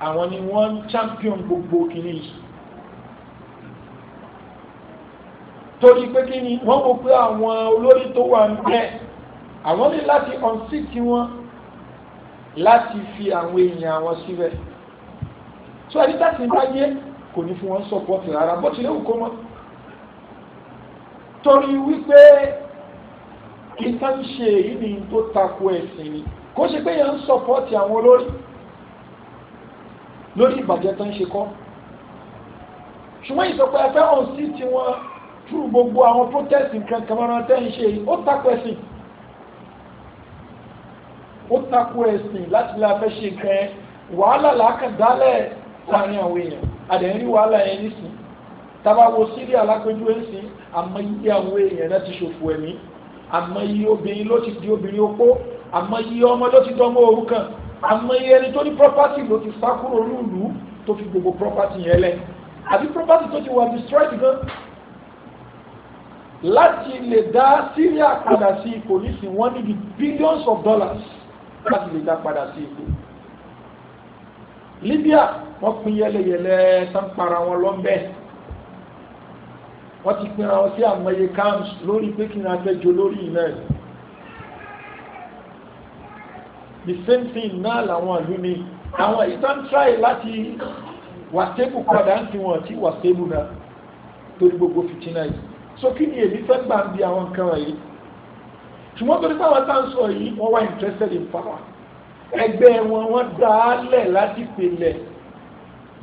àwọn ni wọ́n champion gbogbo kìíní yìí torí pé kí ni wọ́n mọ̀ pé àwọn olórí tó wà ń bẹ àwọn ní láti ọ̀nsìtì wọn láti fi àwọn èèyàn àwọn síbẹ̀ tó ẹni láti bá yé kò ní fún wọn sọpọ́tì rárá bó tilẹ̀ kó mọ́ torí wípé ìtàn ṣe èyí ni tó tako ẹ̀sìn ni kó ṣe pé yẹn ń sọpọ́tì àwọn olórí lórí ìbàjẹ́ tó ń ṣe kọ́ ṣùgbọ́n ìsọpẹ́ afẹ́ ọ̀nsìtì wọn túrú gbogbo àwọn protest nǹkan kàmọ́ra tẹ́ ń ṣe ó takò ẹ̀sìn ó takò ẹ̀sìn láti lè fẹ́ ṣe nǹkan ẹ̀ wàhálà làákàndálẹ̀ láàrin àwọn èèyàn àdẹ̀rí wàhálà yẹn nísìn tábà wo síríà lápẹjú ẹ̀sìn àmọ́ iye àwọn èèyàn náà ti ṣòfò ẹ̀mí àmọ́ iye obìnrin ló ti di obìnrin opó àmọ́ iye ọmọ ló ti dánwó òrukàn àmọ́ iye ẹni tó ní property ló ti sá kúrò lúùlù tó fi gbogbo property yẹn lẹ̀ àbí property tó ti wà destroyed gan láti lè dá Syria padà sí ipò nísìn wọ́n níbi billions of dollars láti lè dá padà sí ipò Libya wọ́n pín yẹlẹyẹlẹ tán para wọn lọ́nbẹ́ wọ́n ti pinra wọn sí àmọye camps lórí pé kí n àtẹ́jọ lórí ilẹ̀ the same thing náà làwọn ìlú ni àwọn ìtàn try láti wà stable padà ń tiwọn àti wà stable náà torí gbogbo fìtínà yìí so kí ni èmi fẹ́ gbà ń bi àwọn nǹkan wọ̀nyí ṣùgbọ́n torí pé àwọn tá à ń sọ yìí wọ́n wá interested in power ẹgbẹ́ wọn wọ́n dá a lẹ̀ láti pèlẹ̀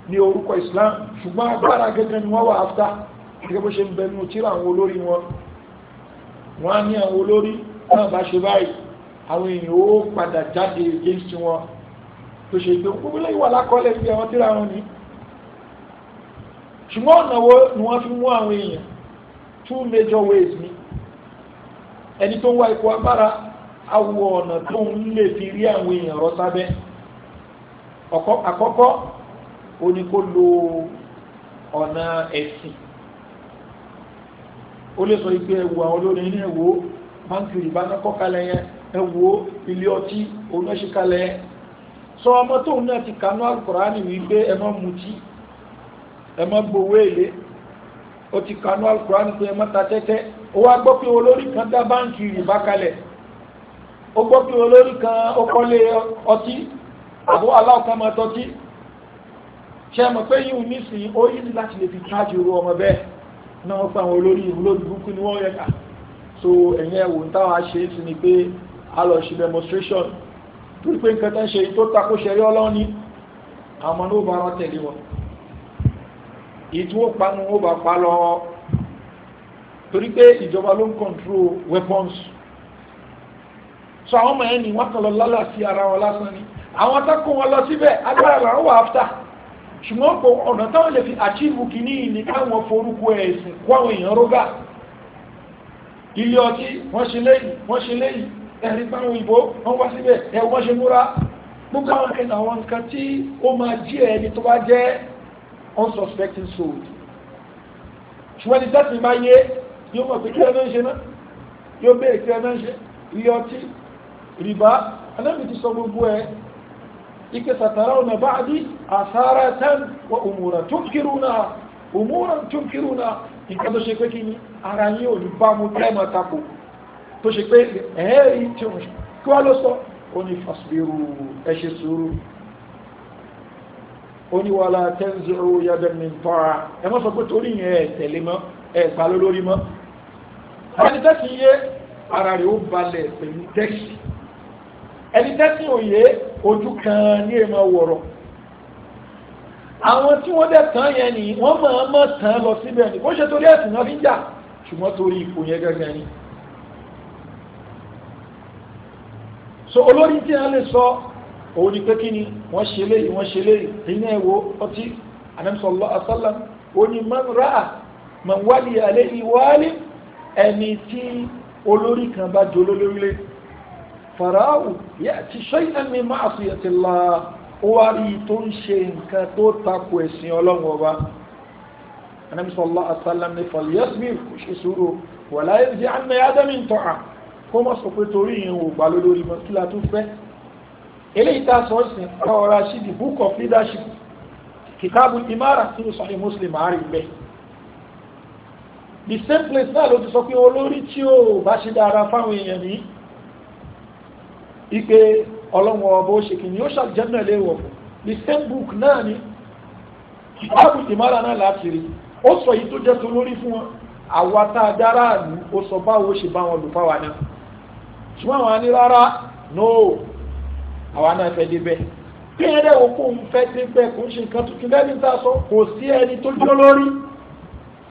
ní orúkọ Islam ṣùgbọ́n agbára gẹ́gẹ́ ni wọ́n wà áfta gẹ́gẹ́ bó ṣe ń bẹ nínú tíra àwọn olórí wọn wọ́n á ní àwọn olórí náà bá ṣe báyìí àwọn èèyàn ó padà jáde against wọn tó ṣe pé gbogbo lẹ́yìn wà lákọọ́lẹ̀ bí àwọn tíra wọn ni ṣùgbọ́n ọ̀nà wo ni wọ́n fi mú àwọn èèyàn two major ways ni ẹni tó ń wá ipò agbára awọ ọ̀nà tó ń lè fi rí àwọn èèyàn rọ sábẹ́ àkọ́kọ́ ó ní kó lo ọ̀nà ẹ̀sìn ó lè sọ pé ẹwù àwọn olórin ní ẹ̀wò báńkì ìbáná kọ́kalẹ̀ yẹn ẹ̀wò ilé ọtí onáṣíkalẹ̀ yẹn sọ ọmọ tóun náà ti kánú àkùrá nìwí pé ẹ má mutí ẹ má gbowó èlé ó ti kanú alukuran pé ẹ mọ́ta tẹ́tẹ́ ó wá gbọ́ pé olórí kan dá báńkì rìbá kalẹ̀ ó gbọ́ pé olórí kan ó kọ́lé ọtí àbó aláwọ̀kan máa tọ́tí ṣe mọ̀ pé yíò nísìnyí ó yí ní láti fi káàdì orú ọmọ bẹ́ẹ̀ náà wọ́n pa àwọn olórí olórí burúkú ni wọ́n yẹ kà so ẹ̀yìn ẹ̀wò táwọn aṣe é ti ni pé a lọ ṣe demonstration torí pé nǹkan tán ṣe tó takò ṣẹ̀rí ọlọ́ni àwọn ọmọ náà bá ara tẹ̀lé wọn ìtú ó panu ó bá pa lọ torí pé ìjọba ló ń control weapons so àwọn ọmọ yẹn ni wọ́n kàn lọ lálà sí ara wọn lásán ni àwọn tó kó wọn lọ síbẹ̀ agbára làwọn wà áfta ṣùgbọ́n kò ọ̀nà táwọn lè fi àchíìfù kìíní ní káwọn forúkọ ẹ̀sìn kó àwọn èèyàn rógà ilé ọtí wọ́n ṣe léyìí wọ́n ṣe léyìí ẹ̀rí báwọn ìbò wọ́n wá síbẹ̀ ẹ̀ wọ́n ṣe múra gbogbo àwọn ẹ̀nà àwọn nǹkan tí ó máa jí ẹni tó bá jẹ́ unsuspecting soul ṣùgbọ́n ní tẹ́sí máa yé yóò mọ̀ pé kí ẹ náà ń ṣe náà yóò béèrè kí ẹ náà ń ṣe ilé ọtí rìbá anábì ti sọ gbogbo ẹ ike sàtàrà ọ̀nà bá àdí àsára tán wa òmùrà tunkiruna òmùrà tunkiruna nǹkan tó ṣe pé kí ni ara yín ò ní bá mu tẹ́ máa tako tó ṣe pé ẹ̀ẹ́rì tí ó ń ṣe kí wá ló sọ ó ní fàṣbírù ẹ ṣe sùúrù Oni wala yàdẹ̀ mi tọ́ra ẹ mọ́ sọ pé torí yẹn ẹ̀ tẹ̀lé mọ́ ẹ̀ gbà lórí mọ́ ẹni tẹ́sí yé ara rẹ̀ ó balẹ̀ pẹ̀lú tẹ́sí ẹni tẹ́sí òye ojú kan ní èèmọ̀ wọ̀rọ̀ àwọn tí wọ́n dẹ̀ tán yẹn ni wọ́n máa mọ̀ tán lọ síbẹ̀ ni kó ṣe torí ẹ̀sìn náà fi ń jà ṣùgbọ́n torí ipò yẹn gẹ́gẹ́ ni so olórí tí a lè sọ òun ni pé kí ni wọ́n ṣe léyìí wọ́n ṣe léyìí iná ẹ̀wọ́ ọtí anamsọ̀lọ́ asálàm ó ní man ra'a man wali alayhi wali ẹni tí olórí kan bá jọ lólórílẹ̀ faraahu ya'ti shay'an min ma'asiyatillah ó wá rí i tó ń ṣe nǹkan tó takò ẹ̀sìn ọlọ́run ọba anamsọ̀lọ́ asálàm ní falyasbir kò ṣe sùúrù wala yanzi anna yadamin ta'a kó má sọ pé torí ìyẹn ò gbà lólórí mọ́ kí la tún fẹ́ eléyìí tá a sọ sí káwọn ra the book of leadership kìtàbù imara nínú sọ̀rọ̀ muslim àárín bẹ́ẹ̀ the same place náà ló ti sọ pé olórí tí ó bá ṣe dára fáwọn èèyàn ní ipe ọlọ́wọ́ ọba ó ṣe ó ṣàjẹ́nà léwọ̀ the same book náà ni kìtàbù imara náà láti rí ó sọ yìí tó jẹ́ tó lórí fún wọn àwa tá a dára àlù ó sọ báwo ó ṣe bá wọn lò fáwa náà ṣùgbọ́n àwọn á rárá no àwa náà fẹ́ débẹ̀ bí ẹ dẹ́ òkú ń fẹ́ débẹ̀ kò ń ṣe nǹkan tuntun lẹ́ni tá a sọ kò sí ẹni tó jó lórí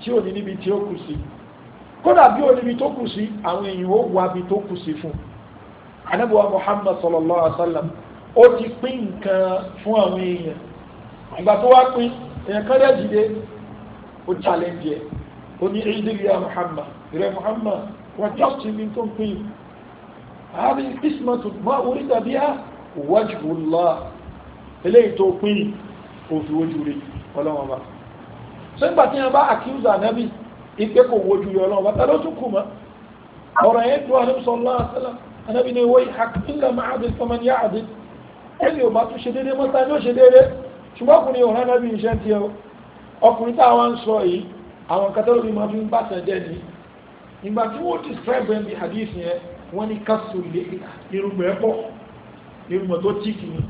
tí ò ní níbi tí ó kù sí kódà bí ò níbi tó kù sí àwọn èèyàn ó wá bí tó kù sí fún anábùwà Muhammad sallallahu alaihi wa sallam ó ti pín nǹkan fún àwọn èèyàn ìgbà tó wá pín èèyàn kan dẹ́ dìde ó challenge ẹ̀ ó ní ìdílé Muhammad ìrẹ́ Muhammad wọ́n jọ́sìn mi tó ń pín yìí àbí ìsìmọ̀tò mọ́ orí tàbí á wajhullah eléyìí tó pín òfin wojú rẹ̀ ọlọ́wọ́n bá so nígbà tí wọ́n bá accuse anabi ipe kò wojú rẹ̀ ọlọ́wọ́n bá tàbí ó tún kù mọ́ ọ̀rọ̀ yẹn tó anabi sallallahu alaihi wasallam anabi ni wọ́n ìhà illa ma adil faman ya adil ẹni ò bá tún ṣe déédéé mọ́ta ni ó ṣe déédéé ṣùgbọ́n ọkùnrin ọ̀rọ̀ anabi iṣẹ́ tiẹ̀ ọkùnrin ìmọ̀ tó tíkì ní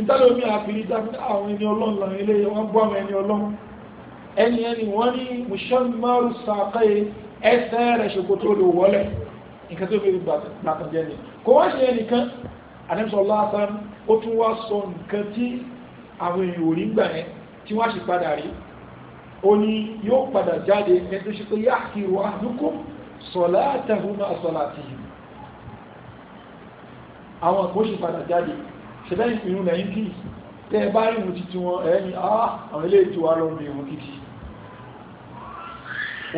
ìtàlẹ̀ omi àfihàn dáfíà àwọn ẹni ọlọ́run làwọn ilé wọn bọ́ àwọn ẹni ọlọ́run ẹni ẹni wọ́n ní mùsọ́lùmọ́rù sàkáyé ẹsẹ̀ rẹ̀ ṣòkòtò lò wọlé nǹkan tó fi gbàtàjẹ́ ni kò wá ṣe ẹnìkan àdẹ́sọ̀lá sáré ó tún wá sọ nǹkan tí àwọn èèyàn ò rí gbà yẹn tí wọ́n á padà rí ó ní yóò padà jáde ẹni tó ṣe pé yáàkiri wà lókùn sọ̀lá àtàhùn sọ̀lá àtìyìn àwọn kò sì padà jáde ṣẹlẹ̀ ìrún lẹ́yìn kí tẹ́ ẹ bá rìnrìn títí wọn ẹni àwọn ilé ètò wa lọ bí ìrún kìkì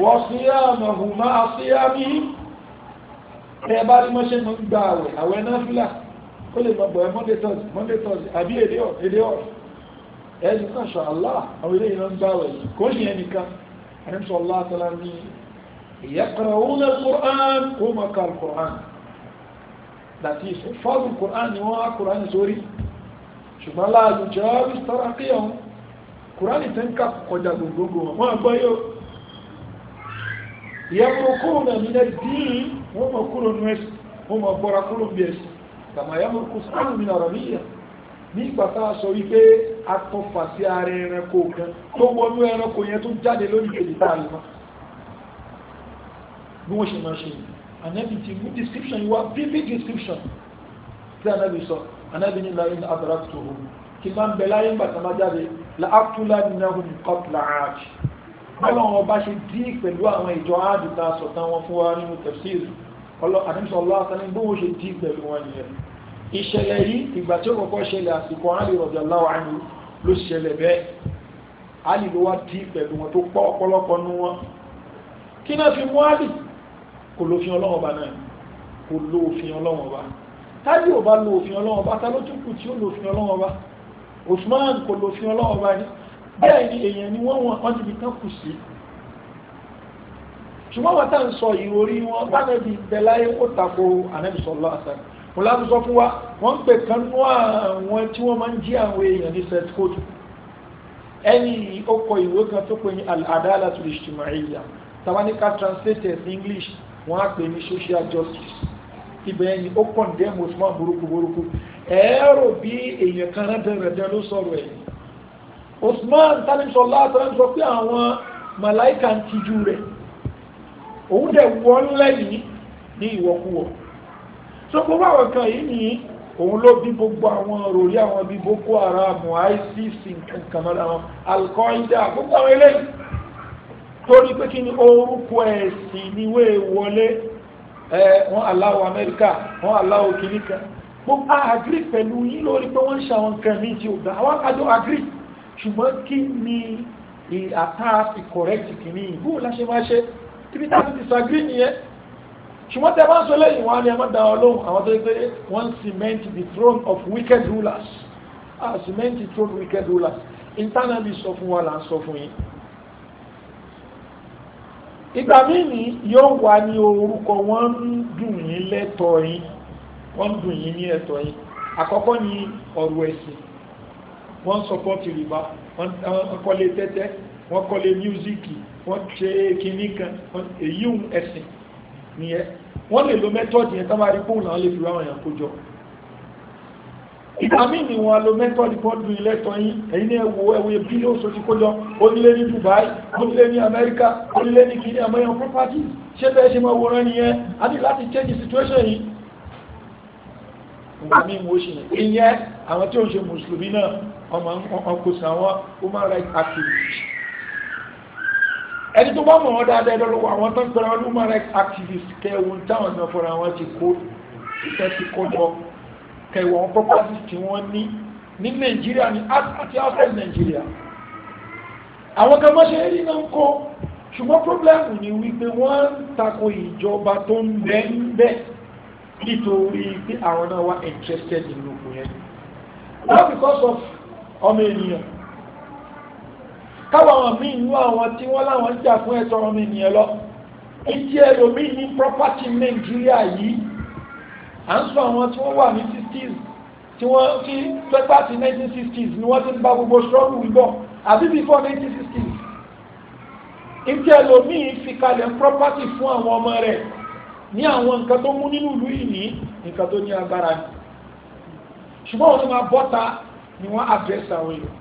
wọ́n sí àmọ̀hùn máa sí àmì tẹ́ ẹ bá rí mọ́ṣẹ́ mọ́ gba àwẹ̀ àwẹ̀ náà fílà ó lè mọ̀ bọ̀ẹ́ monday thursday láti fọ́ọ̀lù kùránì ni wọ́n á kùránì sórí ṣùgbọ́n láàájú jẹ́ ọ́rí sọ́ra kí ọ̀hún kùránì tẹ́ ń kà kọjá gbogbogbò wọ́n àgbọ́ yóò ìyẹ́kùn kúrò náà nílẹ̀ dín wọ́n mọ̀ kúrò nú ẹ̀sì wọ́n mọ̀ bọ́ra kúrò bí ẹ̀sì tàmà yàmọ̀ kú sáàmù mi nàrọ̀ níyà ní ìgbà tá a sọ wípé a tọ́ fà sí ara ẹranko kan tó wọnú ẹranko yẹn tó jáde lórí kejì tá a lè mọ́ bí wọ́n ṣe máa ṣe yìí anabi ti mú description yìí wá vivid description tí anabi sọ anabi ní láyé ní abẹ́rẹ́ tó hù kí n bá ń bẹ la ń bàtà máa jáde la akula nahum qabla aaj ọlọ́run ọba ṣe dí pẹ̀lú àwọn ta àádùta sọ̀tàn wọn fún wa nínú tafsir àdìmísọ̀ ọlọ́ọ̀sán ní gbówó ṣe dí pẹ̀lú wọn nìyẹn ìṣẹ̀lẹ̀ yìí ìgbà tí ó kọ́kọ́ ṣẹlẹ̀ àsìkò Àlì radiyallahu anhu ló ṣẹlẹ̀ bẹ́ẹ̀ Àlì ló wá dí pẹ̀lú wọn tó pọ̀ ọ̀pọ̀lọpọ̀ nú wọn kí náà fi mú Àlì kò lófin ọlọ́wọ́ bá náà kò lófin ọlọ́wọ́ bá tájú ò bá lófin ọlọ́wọ́ bá tá ló tún kù tí ó lófin ọlọ́wọ́ bá Usman kò lófin ọlọ́wọ́ bá ní bẹ́ẹ̀ ni èèyàn ni wọ́n wọ́n ti fi tán kù sí ṣùgbọ́n wọn tá ń sọ ìròrí wọn bánẹ́bí bẹ̀láyé ó tako ànẹ́bí sọ̀lọ́ àṣà kò láti sọ fún wa wọ́n ń pè kan nú àwọn tí wọ́n máa ń jí àwọn èèyàn ní set code ẹni ó kọ ìwé kan tó pe ní al-adalatul ijtimaiyya tàbáníkà translate it in English wọ́n á pè ní social justice ibẹ̀ ni ó condemn Usman burúkú burúkú ẹ̀ẹ́rò bí èèyàn kan rẹ́dẹ̀rẹ́dẹ́ ló sọ̀rọ̀ ẹ̀ Usman tálẹ́sọ látara sọ pé àwọn màláìka ń tijú rẹ̀ òun dẹ̀ wọ́n lẹ́yìn ní ìwọ̀kuwọ̀ so gbogbo àwọn kan yìí ni òun ló bí gbogbo àwọn ròrí àwọn bíi Boko Haram ISIS nǹkan mọ́ra wọn Al-Qaeda gbogbo àwọn eléyìí torí pé kí ni orúkọ ẹ̀sìn ni wé e wọlé wọ́n aláwọ̀ amẹ́ríkà wọ́n aláwọ̀ kìníkà gbogbo àgírí pẹ̀lú yí lórí pé wọ́n ń ṣàwọn nǹkan ní ti ògbà àwọn àjọ àgírí ṣùgbọ́n kí ni àtàfi correct kìíní ìbú láṣẹ máa ṣe ibi táàbí ti sàgírí nìyẹn ṣùgbọ́n tẹ bá ń sọ lẹ́yìn wọn ni a máa da ọ lóhùn àwọn tó yẹ pé wọ́n cement the throne of wicked rulers ah cement the throne of wicked rulers internally, sọ fún wa là ń sọ fún yín ìgbà míì yóò wà ní orúkọ wọ́n ń dùn yín lẹ́tọ̀ọ́ yín wọ́n ń dùn yín ní ẹ̀tọ́ yín ni ní ọ̀rọ̀ ẹ̀sìn wọ́n sọpọ́tì rìbá wọ́n kọ́lé tẹ́tẹ́ wọ́n kọ́lé míúsíkì wọ́n ṣe kìíní kan èyí ẹ̀sìn nìyẹn wọ́n lè lo mẹ́tọ́ọ̀dì yẹn tó máa rí kóhùn náà lè fi wá àwọn èèyàn kó jọ ìdámí ni wọn lo mẹ́tọ́dì bọ́ọ̀dù ilẹ̀tọ̀ yín èyí ní ẹwọ ẹwọ ẹbí ló sọ ti onílé ní Dubai onílé ní Amẹ́ríkà onílé ní kìíní amẹ́yàn property ṣé bẹ́ẹ̀ ṣe máa wòran nìyẹn a ní láti change situation yìí ìgbà míì mo ṣe ìyẹn àwọn tí ó ń ṣe mùsùlùmí náà ọmọ ọkùnrin àwọn human rights activists ẹni tó bá mọ̀ wọ́n dáadáa lọ́wọ́ àwọn tó ń pẹ̀lú human rights activists kẹ́ ẹ̀wọ̀n táwọn kẹwàá wọn properties tí wọ́n ní ní nàìjíríà ní àti outside nàìjíríà àwọn kan máa ṣe é rí náà ṣùgbọ́n problem ni wípé wọ́n ń tako ìjọba tó ń bẹ ń bẹ nítorí pé àwọn náà wá interested in lóko yẹn not because of ọmọ ènìyàn káwọn míì nú àwọn tí wọ́n láwọn ń jà fún ẹ̀tọ́ ọmọ ènìyàn lọ ìdí ẹlòmíì ní property nàìjíríà yìí à ń sọ àwọn tí wọ́n wà ní 60s tí wọ́n tí pẹ́pà ti 1960s ni wọ́n ti ń bá gbogbo ṣọ́ọ̀bù ń bọ̀ àbí before 1960s ìtí ẹlòmíì fi kalẹ̀ property fún àwọn ọmọ rẹ̀ ní àwọn nǹkan tó mú nínú ìlú yìí ní nǹkan tó ní agbára ni ṣùgbọ́n wọn ni máa bọ́ta ni wọ́n address àwọn èèyàn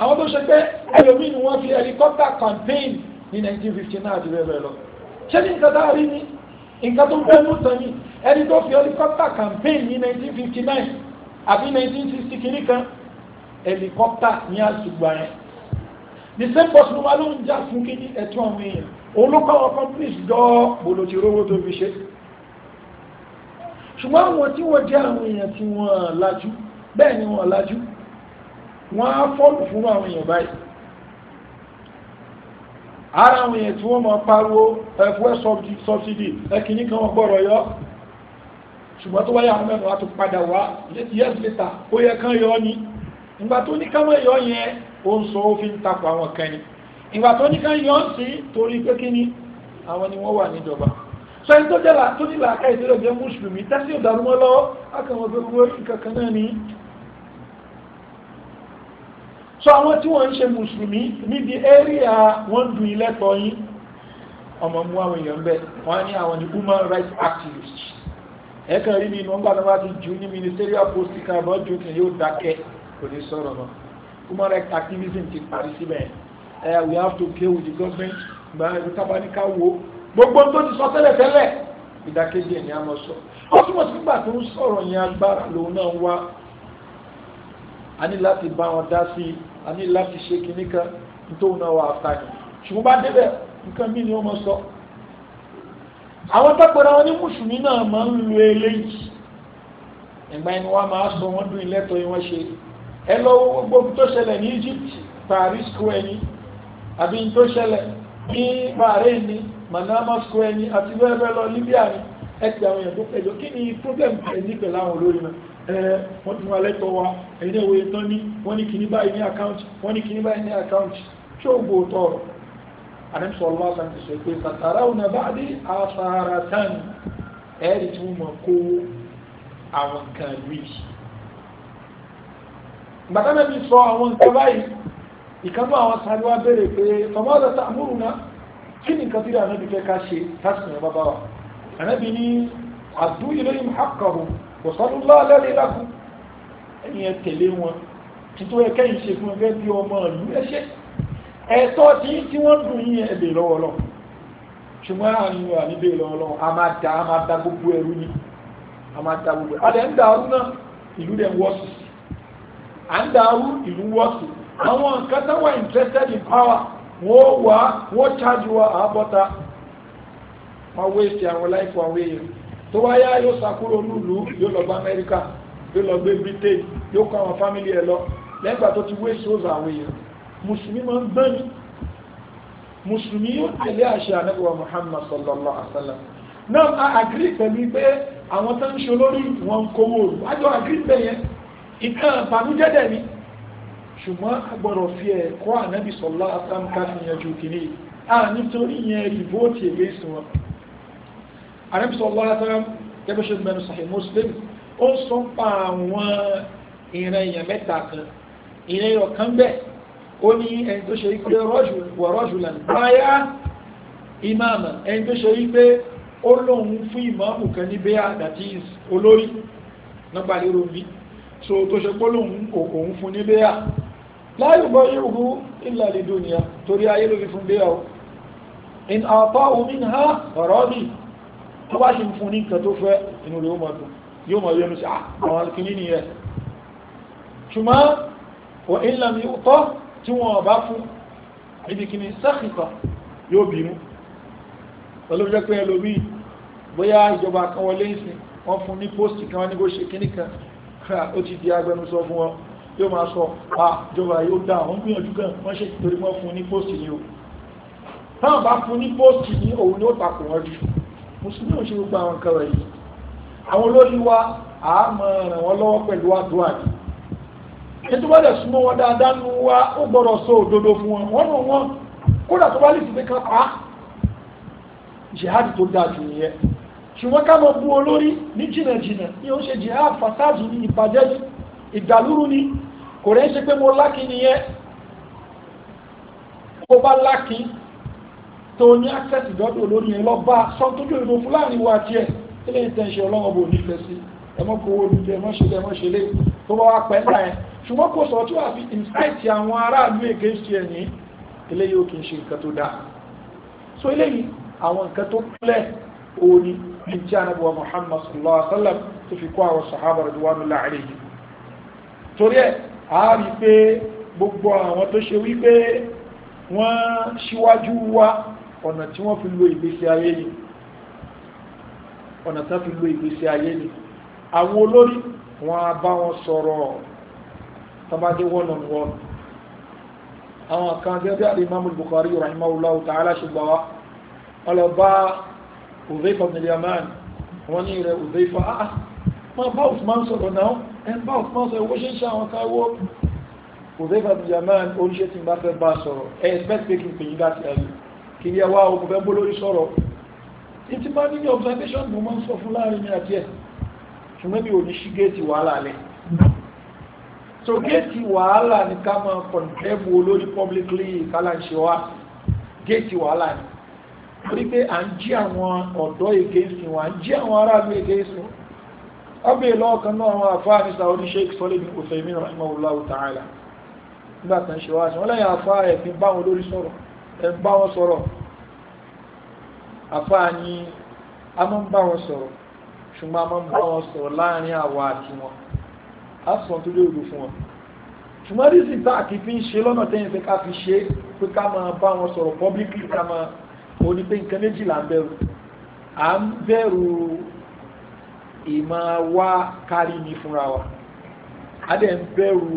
àwọn tó ṣe pé ẹlòmíì ni wọ́n fi helicopter campaign ní 1959 àti bẹ́ẹ̀ bẹ́ẹ̀ lọ ṣé ní nǹkan tá a rí ní nǹkan tó ń tán yìí ẹni tó fi helicopter campaign ní 1959 àbí 1960 kìíní kan helicopter ní àṣùgbà yẹn the same person ló wá ló ń jà fún kí ní ẹ̀tọ́ àwọn èèyàn òun ló káwọn companies jọ bòlò tí rówó tó fi ṣe ṣùgbọ́n àwọn tí wọ́n jẹ́ àwọn èèyàn tí wọ́n lajú bẹ́ẹ̀ ni wọ́n lajú wọ́n á fọ́lù fún àwọn èèyàn báyìí ara àwọn èèyàn tí wọ́n máa pariwo ẹ̀fọ́ subsidy ẹ̀kìní kan wọ́n gbọ́rọ̀ yọ ṣùgbọ́n tó wáyà mẹ́rin wá tó padà wá years later ó yẹ kán yọ ni ìgbà tó ní kámọ́ yọ yẹn ó ń sọ ó fi ń takò àwọn kan ni ìgbà tó ní kán yọ sí torí pé kí ni àwọn ni wọ́n wà níjọba sọ ẹni tó jẹ́ tó ní làákà ìtọ́lẹ̀ jẹ́ mùsùlùmí tẹ́sí ìdàrúmọ́ lọ́wọ́ akẹ́wọ̀n pé gbogbo nǹkan kan náà ni so àwọn tí wọ́n ń ṣe mùsùlùmí níbi ẹ́ríà wọ́n ń dùn ilẹ̀ tọ́yìn ọmọ mú àwọn èèyàn bẹ́ẹ̀ wọ́n ní àwọn ni human rights activists ẹ̀kan rí mi nọ́mbà náà ti jù ní ministerial post kan bọ́ jù kí yóò dákẹ́ kò ní sọ̀rọ̀ náà human rights activism ti parí síbẹ̀ ẹ̀ we have to play with the government gba ẹ̀rọ tábánikà wo gbogbo tó ti sọ tẹ́lẹ̀ tẹ́lẹ̀ ìdákéjì ẹ̀ ní a mọ̀ sọ ó túmọ̀ sí nígbà tó ń sọ̀rọ̀ yẹn agbára lòun náà wá a ní láti bá wọn dá sí i a ní láti ṣe kinní kan nítorí náà wà á ta ni ṣùgbọ́n bá débẹ̀ nǹkan mí ni wọ́n mọ̀ sọ àwọn tọ́pẹ̀rẹ̀ wọn ní mùsùlùmí náà máa ń lo eléyìí ìgbà ẹni wọn máa sọ wọn dún ilẹ̀ tó ṣe ẹ lọ gbogbo tó ṣẹlẹ̀ ní Egypt Paris square ni àbí tó ṣẹlẹ̀ ní Bahrain ni Manama square ni àti bẹ́ẹ̀ bẹ́ẹ̀ lọ Libya ni ẹ ti àwọn èèyàn tó pẹ̀jọ kí ni problem ẹ̀ nípẹ̀ láwọn olórí náà wọ́n tún wà lẹ́tọ̀ wa ẹ̀yìn ẹ̀wòye tán ní wọ́n ní kìíní báyìí ní account wọ́n ní kìíní báyìí ní account tí ó gbòòtọ̀ àdẹ́sọ̀ ọlọ́sàn ti sọ pé tàtàrà ọ̀nà ba'di atharatan ẹ̀rì tí wọ́n mọ̀ kó àwọn nǹkan rí gbàtàbẹ̀ mi sọ àwọn nǹkan báyìí ìkánú àwọn sáré wá béèrè pé fọmọ́dọ̀ tá àmúrù náà kí ni nǹkan tí ìrànà bí fẹ́ ká ṣe tásìkò yẹn bábá wa ànábì ní àdú ilé yìí hákàrù kò sọdún láàlẹ́ lè lákùn ẹni ẹ tẹ̀lé wọn títú ẹ kẹ́yìn ṣe fún ẹ ẹ̀tọ́ tí tí wọ́n dùn yín ẹ̀bẹ̀ lọ́wọ́lọ́ ṣùgbọ́n àrùn wà níbẹ̀ lọ́wọ́lọ́ a máa da a máa da gbogbo ni da gbogbo a ń náà ìlú à ń ìlú àwọn nǹkan wà interested in power wa wọ́n àwọn láìpọ̀ àwọn èèyàn tó yóò sàkúrò nílùú yóò lọ gba Amẹ́ríkà yóò lọ gbé Britain yóò kọ́ àwọn lọ lẹ́gbàá tó ti mùsùlùmí máa ń gbọ́n ni mùsùlùmí yóò tẹ̀lé àṣẹ ànábìwá muhammad sallallahu alaihi wa sallam náà a agiri pẹ̀lú pé àwọn tó ń ṣe olórí wọn kówó olù wájú agiri pẹ̀ yẹn ìkan ìbànújẹ́ dẹ̀ ni ṣùgbọ́n a gbọ́dọ̀ fi ẹ̀kọ́ ànábì sallallahu alaihi wa sallam ká fi yanjú kìíní a nítorí yẹn ìbò tí èlé sùn wọn ànábì sallallahu alaihi wa sallam gẹ́gẹ́ ṣe mẹ́nu sahih muslim ó sọ pa àwọn ìran èèyàn kan ìran èèyàn kan bẹ́ẹ̀ ó ní ẹni tó ṣe wípé wọ̀rọ̀jùlá báyá ìmáàmà ẹni tó ṣe wípé ó lóun fún ìmáàmù kan ní bẹ́yà that is olórí nípa lérò bí so tó ṣe pé lóun òun fún ní bẹ́yà láyò bọ́ yíhù ìlà lìdúnìyà torí ayé ló fi fún bẹ́yà o in àpá omi ń há ọ̀rọ̀ bì tó bá ṣe fún ní nǹkan tó fẹ́ inú rẹ̀ yóò mọ̀ yẹnu sí ah, àwọn kìíní nìyẹn ṣùgbọ́n wọ́n ìlànà yóò tọ́ tí wọ́n bá fún níbi kí ni sáàkìtà yóò bínú pẹ̀lú jẹ́ pé ẹlòmí bóyá ìjọba kan wọlé ìsìn wọ́n fún ní pósìtì kan wọ́n ní bó ṣe kíní kan ó ti di agbẹnusọ fún wọn yóò máa sọ pa ìjọba yóò dá àwọn gbìyànjú gan wọ́n ṣe torí wọ́n fún ní pósìtì ni o táwọn bá fún ní pósìtì ní òun ni ó takò wọn jù mùsùlùmí ò ṣe gbogbo àwọn nǹkan rẹ̀ àwọn olórí wa àá mọ̀ ràn wọ́n lọ́wọ́ pẹ̀lú àdúrà yìí ètò wọ́n lè súnmọ́ wọn dáadáa nu wa ó gbọ́dọ̀ sọ òdodo fún wọn wọ́n nù wọn kódà tó bá lè fi kan pa jihadi tó dáa jù nìyẹn ṣùgbọ́n ká mọ̀ bú olórí ní jìnnàjìnnà ní ó ṣe jihad fasadu ní ìbàjẹ́ ní ìdàlúrú ní kò rẹ̀ ń ṣe pé mo lákì nìyẹn kó bá lákì tó ní access ìdọ́dọ̀ olórí yẹn lọ bá sọ ìlú fúlàní wa tiẹ̀ ilé ìtẹ̀ṣẹ̀ ọlọ́wọ́ bò nífẹ̀ẹ́ sí ẹmọ́kowó olùdó ẹmọ́ṣẹlẹ̀ ẹmọ́ṣẹlẹ̀ tó bá wá pẹ́ náà ṣùgbọ́n kò sọ tí wà fi insight àwọn aráàlú against ẹ̀ ní eléyìí ó kì ṣe nǹkan tó dáa so eléyìí àwọn nǹkan tó pẹ́lẹ̀ òní ní tí ànábì Muhammad sallallahu alaihi wa sallam tó fi kó àwọn sahaba radwanullahi alaihim torí ẹ̀ a rí pé gbogbo àwọn tó ṣe wípé wọ́n ṣíwájú wa ọ̀nà tí wọ́n fi lo ìgbésí ayé ni ọ̀nà tí fi lo ìgbésí ayé ni àwọn olórí wọn a bá wọn sọ̀rọ̀ tọ́ba dé one on one àwọn kan gẹ́gẹ́ bí imam bukhari rahimahullahu ta'ala ṣùgbọ́n wa wọ́n lọ bá uzaifa bin yaman wọ́n ní rẹ̀ uzaifa ah, ah ma bá usman sọ̀rọ̀ náà ẹn bá usman sọ̀rọ̀ owó ṣe ń ṣe àwọn kan wó uzaifa bin yaman oníṣẹ́ tí bá fẹ́ bá sọ̀rọ̀ ẹ expect pé kí n pè yín láti ẹ̀yìn kì í yẹ wá ogun fẹ́ bólórí sọ̀rọ̀ ìtì bá ní observation mo máa ń sọ fún láàrin mi àti ẹ̀ ṣùgbọ́n mi ò ní ṣí géètì wàhálà lẹ́yìn so géètì wàhálà ni ká máa kọ̀ǹtẹ́bù olórí publicly kálánṣe wa géètì wàhálà ni torí pé à ń jí àwọn ọ̀dọ́ against wọn à ń jí àwọn aráàlú against wọn ọbẹ̀ lọ́ọ̀kan náà àwọn àfáà ní sàwọn oníṣẹ́ Salih bin Uthaymin rahimahullahu ta'ala nígbà tán ṣe wáṣọ wọn lẹ́yìn àfáà ẹ̀ fi bá wọn lórí sọ̀rọ̀ ẹ̀ bá wọn sọ̀rọ̀ àfáà ni a máa ń bá wọn sọ̀rọ̀ ṣùgbọ́n a máa ń bá wọn sọ̀rọ̀ láàrin àwa àti wọn á sọ tó lè rò fún wọn ṣùgbọ́n rísì tá àti fi ń ṣe lọ́nà tẹ́yìn fẹ́ ká fi ṣe pé ká máa bá wọn sọ̀rọ̀ publicly ká máa ó ní pé nǹkan méjì ń bẹ̀rù à ń bẹ̀rù ìmọ̀ wá kárí ni fúnra wa a dẹ̀ ń bẹ̀rù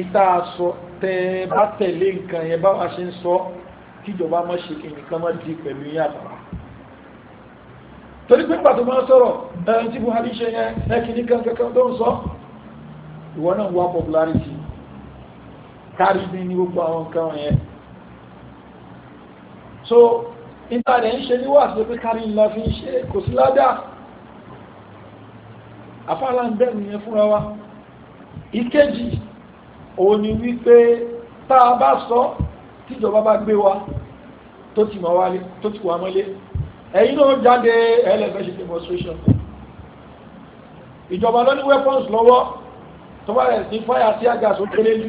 ìta sọ tẹ́ bá tẹ̀lé nǹkan yẹn báwa ṣe ń sọ kíjọba má ṣe nǹkan má di pẹ̀lú yín àtàrà torí pé pàtó máa sọ̀rọ̀ ẹ̀ tí Buhari ṣe yẹn ẹ̀ kìíní ìwọ náà wá popularity kárí bí ní gbogbo àwọn nǹkan wọ̀nyẹn so níta rẹ̀ ń ṣe ní wàásù pé kárí ńlá fi ń ṣe kò sí ládàá àfàlà ń bẹ̀rù yẹn fúnra wa ìkejì òun ni wípé tá a bá sọ tíjọba bá gbé wa tó ti mọ̀ wálé tó ti wà mọ́lé ẹ̀yin náà jáde ẹlẹ́fẹ̀ẹ́ demonstration ìjọba lọ ní weapons lọ́wọ́ tó bá rẹ̀ sí fáyà sí àgàsó kéré lù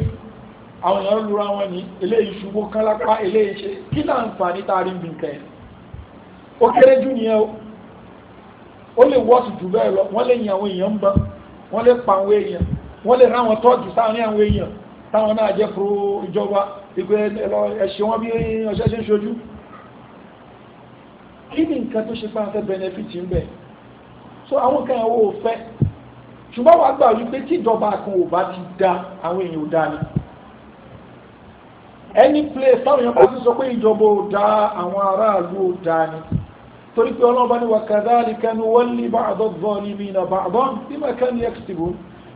àwọn èèyàn lura wọn ní eléyìí ṣubú kán lápá eléyìí ṣe kí náà ń fà ní taari bìnkẹ́ ó kéré jù nìyẹn o ó lè wọ́ọ̀sì jù bẹ́ẹ̀ lọ wọ́n lè yin àwọn èèyàn ń bọ́ wọ́n lè pa àwọn èèyàn wọ́n lè ráwọn tọ́ọ̀gì sáárín àwọn èèyàn táwọn náà jẹ́ pro ìjọba ìgbé ẹ̀ṣẹ̀ wọn bí ọṣẹ́ ṣe ń ṣojú kí ni nǹkan tó ṣe fáwọn fẹ́ bẹnẹfìtì ń bẹ̀ so àwọn kan àwọn fẹ́ ṣùgbọ́n wàá gbà wípé tí ìjọba kan ò bá ti da àwọn èèyàn ò da ni any place táwọn èèyàn bá ti sọ pé ìjọba ò da àwọn aráàlú ò da ni torí pé ọlọ́ba ni wakadhalika nuwalli ba'da adh-dhalimina ba'dan bima kanu yaksibun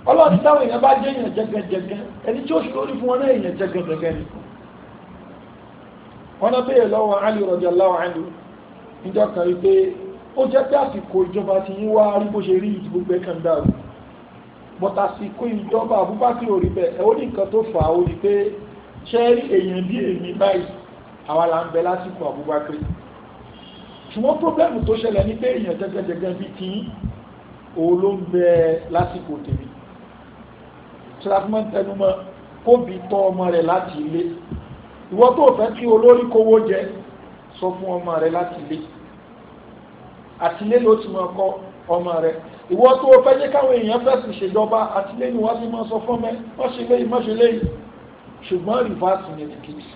ọlọ́run táwọn èèyàn bá jẹ́ èèyàn jẹgẹjẹgẹ ẹni tí ó ṣe lórí fún wọn náà èèyàn jẹgẹjẹgẹ ni wọn náà béèrè lọ́wọ́ Ali radiyallahu anhu níjọ́ kan rí ó jẹ́ pé àsìkò ìjọba ti yín wá rí bó ṣe rí ìdìbò gbẹ́kàndà bọ̀tà sí kó ìjọba Abubakar ò rí bẹ́ẹ̀ ẹ̀ ó ní nǹkan tó fà á ó rí pé ṣẹ́ẹ́rì èèyàn bí èmi báyìí àwa là ń bẹ lásìkò Abubakar ṣùgbọ́n pọ́blẹ́mù tó ṣẹlẹ̀ ní pé èèyàn jẹgẹjẹgẹ bí kí òun ló ń bẹ lásìkò tèmi tíráfímọ́ntẹnumọ́ kóbi tọ́ ọmọ rẹ̀ láti ilé ìwọ tó fẹ́ kí olórí kówó jẹ sọ fún ọmọ rẹ̀ láti ilé àtìlé ló ti mọ̀ kọ́ ọmọ rẹ̀ ìwọ tó o fẹ́ jẹ́ káwọn èèyàn fẹ́sì ṣèjọba àtìlẹ́yìn wá sí máa sọ fún mẹ́ mọ́ṣe léyìn mọ́ṣe léyìn ṣùgbọ́n rìvásì ni the case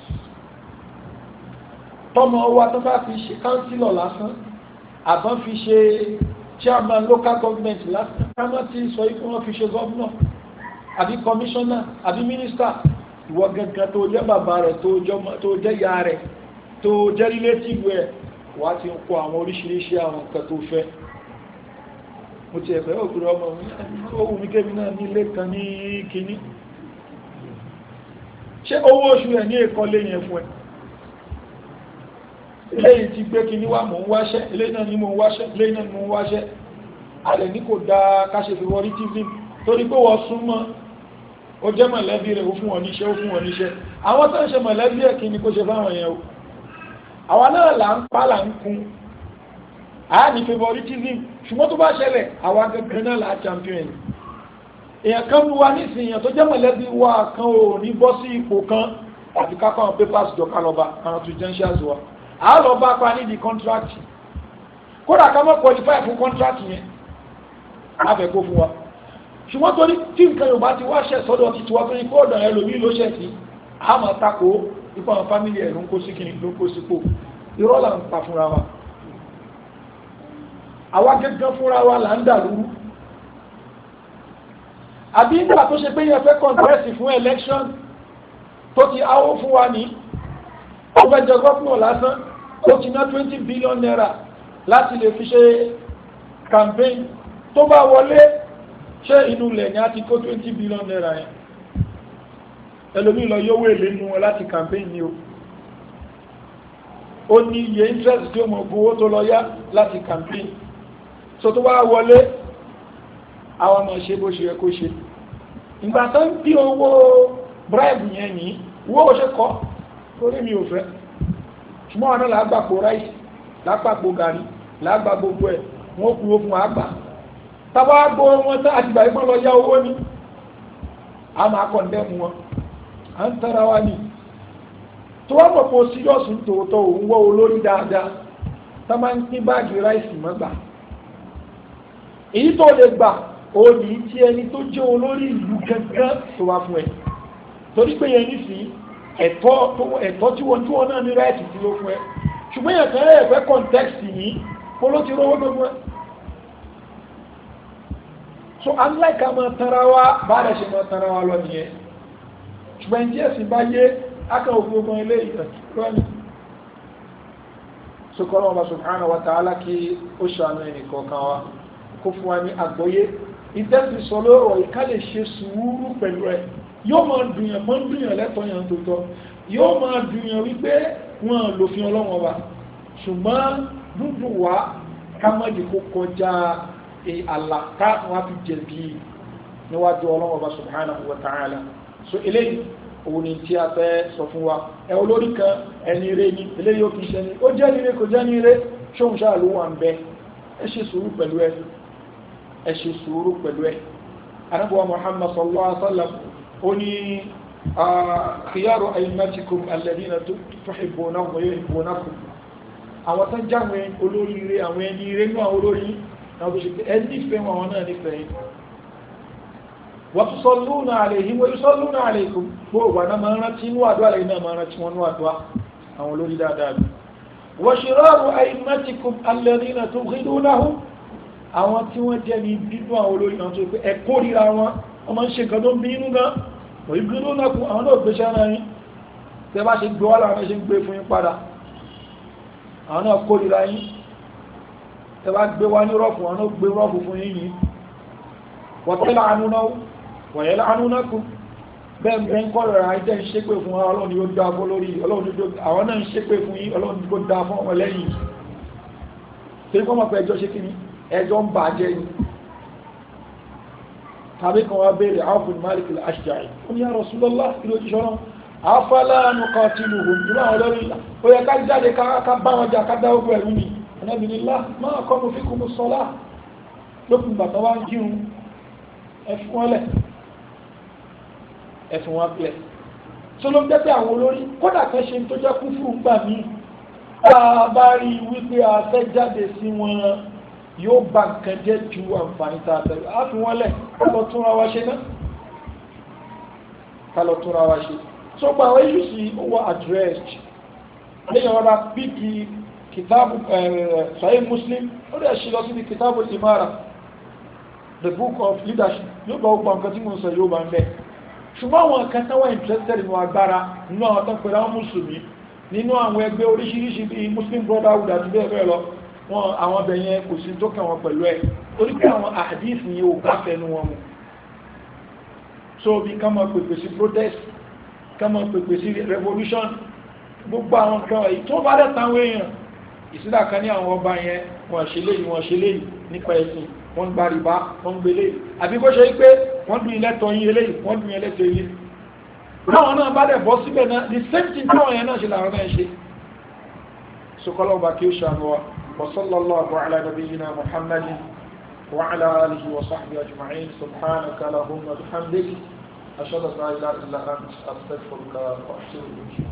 tọmọ wa tó bá fi ṣe kánsílọ̀ lásán àbọ̀n fi ṣe chairman local government lásán kámọ́ ti sọ ikú wọn fi ṣe governor àbí commissioner àbí minister ìwọ gangan tó jẹ́ bàbá rẹ̀ tó jẹ́ ìyá rẹ̀ tó jẹ́ relative rẹ̀ wàá ti ń kó àwọn oríṣiríṣi àwọn nǹkan tó fẹ́ mo ti ẹ̀fẹ́ òkúrò ọmọ owó mi kébí náà nílé kan ní kínní ṣé owó oṣù ẹ̀ ní ẹ̀kọ́ léyìn fún ẹ eléyìí ti gbé kínní wá mò ń wáṣẹ́ eléyìí náà ni mò ń wáṣẹ́ ni mò ń wáṣẹ́ alẹ́ ní kò dáa káṣe fi wọrí tv torí pé wọ́n súnmọ́ ó jẹ́ mọ̀lẹ́bí rẹ̀ ó fún wọn níṣẹ́ ó fún wọn níṣẹ́ àwọn tó ń ṣe mọ̀lẹ́bí ẹ̀ kí kó ṣe fáwọn yẹn o àwa náà là ń pa là ń kun a ní favoritism ṣùgbọ́n tó bá ṣẹlẹ̀ àwa gangan náà la champion èèyàn kan nu wa nísìnyí èèyàn tó jẹ́ mọ̀lẹ́bí wa kan ò ní bọ́ sí ipò kan àti kápá àwọn papers jọ ká lọ́ba àwọn credentials wa a lọ bá pa nídìí contract kódà ká mọ̀ qualify fún contract yẹn a fẹ́ kó fún wa ṣùgbọ́n torí tí nǹkan yorùbá ti wá ṣẹ̀ sọ́dọ̀ ti tiwa tó ní kó ọ̀dọ̀ ẹlòmíì ló ṣẹ̀ sí a takò ipa àwọn fámìlì ẹ̀ ló ń kó sí kìnnì ló ń kó sípò irọ́ là ń pa fúnra wa àwa gẹ́gẹ́ fúnra wa là ń dàrú àbí nígbà tó ṣe pé yẹn fẹ́ kọ́ńtẹ́sì fún election tó ti áwó fún wa ní ó fẹ́ jẹ gọ́pùnà lásán ó ti ná twenty billion naira láti lè fi ṣe campaign tó bá wọlé ṣé inú ilẹ̀ ni a ti kó twenty billion naira yẹn ẹlòmíì lọ yówó èlé nu wọn láti campaign ni o ó ní iye interest tí ó mọ̀ gbowó tó lọ yá láti campaign so tó wá wọlé àwọn ọmọ ṣe bó ṣe yẹ kó ṣe ìgbà tó ń bí owó bribe yẹn ní wó ṣe kọ́ lórí mi ò fẹ́ ṣùgbọ́n àwọn náà lágbàpọ̀ ráìsì lápapọ̀ gàrí lágbà gbogbo ẹ̀ wọ́n kúrò fún àgbà tábà gbọ́ wọn tá àti ìgbà ìgbọ́n lọ yá owó ni a máa kọ̀ ndẹ́mu wọn à ń tara wa ni tó wá mọ̀ pé o síyọ̀sì ń tòótọ́ òun wọ́ olórí dáadáa tá máa ń pín báàgì ráìsì mọ́gbàá èyí tó lè gbà ó ní tí ẹni tó jẹ́ olórí ìlú gẹ́gẹ́ tó wá fún ẹ torí pé yẹn nísìnyí ẹ̀tọ́ tí wọ́n tí wọ́n náà ní ráìtì tí ló fún ẹ ṣùgbọ́n yẹn kan ẹ̀fẹ́ kọ́ńtẹ́kìtì yìí kó ló ti rówó gbogbo ẹ so unlike a máa wa bá a lè ṣe máa tanra wa lọ nìyẹn ṣùgbọ́n ẹni tí ẹ̀sìn bá yé aka òfin ogun ilé ìtàkùrọ̀nì sọkọ́nà ọba subhanahu wa ta'ala kí ó ṣàánú ẹnì kọ̀ọ̀kan wa kó fún wa ní àgbọ́yé ìtẹ́sí sọ lọ́rọ̀ ìká lè ṣe sùúrù pẹ̀lú ẹ̀ yóò máa dùnyàn mọ́ ń dùnyàn lẹ́tọ̀ yàn tó tọ́ yóò máa dùnyàn wípé wọn lòfin ọlọ́wọ́n wa ṣùgbọ́n dúdùn wá ká má jẹ́ kó kọjá e, àlàká wọn fi jẹ̀bi níwájú ọlọ́wọ́n wa subhanahu wa ta'ala so eléyìí òun ni tí a fẹ́ sọ fún wa ẹ olórí kan ẹni rẹ ni eléyìí ó kì í ṣe ni ó jẹ́ ni rẹ kò jẹ́ ni rẹ ṣáà ló wà ń bẹ ẹ ṣe sùúrù pẹ̀lú ẹ ẹ ṣe sùúrù pẹ̀lú ẹ̀ anábọ̀wá muhammad sallallahu alaihi wa sallam ó ní khiyaru aimatikum alladhina tuhibbunahum wa yuhibbunakum àwọn tó ń jáwé olóríire àwọn ẹni ire náà olórí náà bí ṣe pé ẹni nífẹ̀ẹ́ wọn náà nífẹ̀ẹ́ wàtúsọ̀lúnà àlèyìn wọ́n yúsọ̀lúnà àlèkùn gbogbo àná máa rántí inú àdúrà lẹ́yìn àwọn tí wọ́n jẹ́ ní bíbú àwọn olórí àwọn tó pé ẹ̀kọ́ ríra wọn ọmọ ń ṣe nǹkan tó ń bí inú gan òyí bí ló náà kú àwọn náà gbé sẹ́ra yín tẹ bá ṣe gbé wá làwọn ṣe ń gbé fún yín padà àwọn náà kó ríra yín tẹ bá gbé wá ní rọ́ọ̀fù àwọn náà gbé rọ́ọ̀fù fún yín yìí wọ́tẹ́ láàánú náà náà ẹjọ́ ń bàjẹ́ ni tàbí kan wá béèrè áfù ní Malik al-Ashja'i ó ní ya Rasulullah kí ló ti ṣọ́nà afala nuqatiluhum ìlú àwọn olórí ńlá ó yẹ ká jáde ká bá wọn jà ká dá ogun ẹ̀rú ni ẹ̀nẹ́bìnilá ma aqamu fikumu salah lópin bàtà wá ń kírun ẹ̀fún wọn lẹ̀ ẹ̀fún wọn pilẹ̀ tó ló ń dẹ́pẹ́ àwọn olórí kódà kan ṣe tó jẹ́ kúfùrù gbà mí bá a bá rí wípé a fẹ́ jáde sí wọn yóò bá nǹkan jẹ́ ju àǹfààní tààtàrí á fi wọ́n lẹ̀ kálọ̀ túnra wá ṣe náà kálọ̀ túnra wá ṣe tó gba àwọn iṣu sí kitabu. addressed lẹ́yìn ọ̀rá pípì kìtàbù Sahih Muslim ó dẹ̀ ṣe Imara the book of leadership yóò bá gbogbo nǹkan tí mo ń sọ yóò bá ń bẹ̀ ṣùgbọ́n àwọn nǹkan táwọn interested nínú agbára nínú àwọn tó ń pèrè àwọn mùsùlùmí nínú àwọn ẹgbẹ́ oríṣiríṣi bíi Muslim Brotherhood àti bẹ́ẹ̀ bẹ́ẹ̀ lọ wọn àwọn ọbẹ̀ yẹn kò sí tó kàn wọ́n pẹ̀lú ẹ̀ orí pé àwọn àdíìsì yẹn ò bá fẹnu wọn mu so bí ká máa pèpè sí protest ká máa pèpè sí revolution gbogbo àwọn nǹkan wọ̀nyí tó bá dẹ̀ táwọn èèyàn ìsídà kan ní àwọn ọba yẹn wọ́n ṣe léyìí wọ́n ṣe léyìí nípa ẹ̀sìn wọ́n ń gba rìbá wọ́n ń gbélé àbí kó ṣe pé wọ́n dùn ilẹ̀ tọ́yìn eléyìí wọ́n dùn ilẹ̀ tẹ̀lé táwọn náà bá dẹ̀ bọ́ síbẹ̀ náà the same thing táwọn yẹn náà ṣe làwọn náà ṣe sokoloba kí ó ṣàánú wa. وصلى الله على نبينا محمد وعلى آله وصحبه أجمعين سبحانك اللهم وبحمدك أشهد أن لا إله إلا أنت أستغفرك وأتوب إليك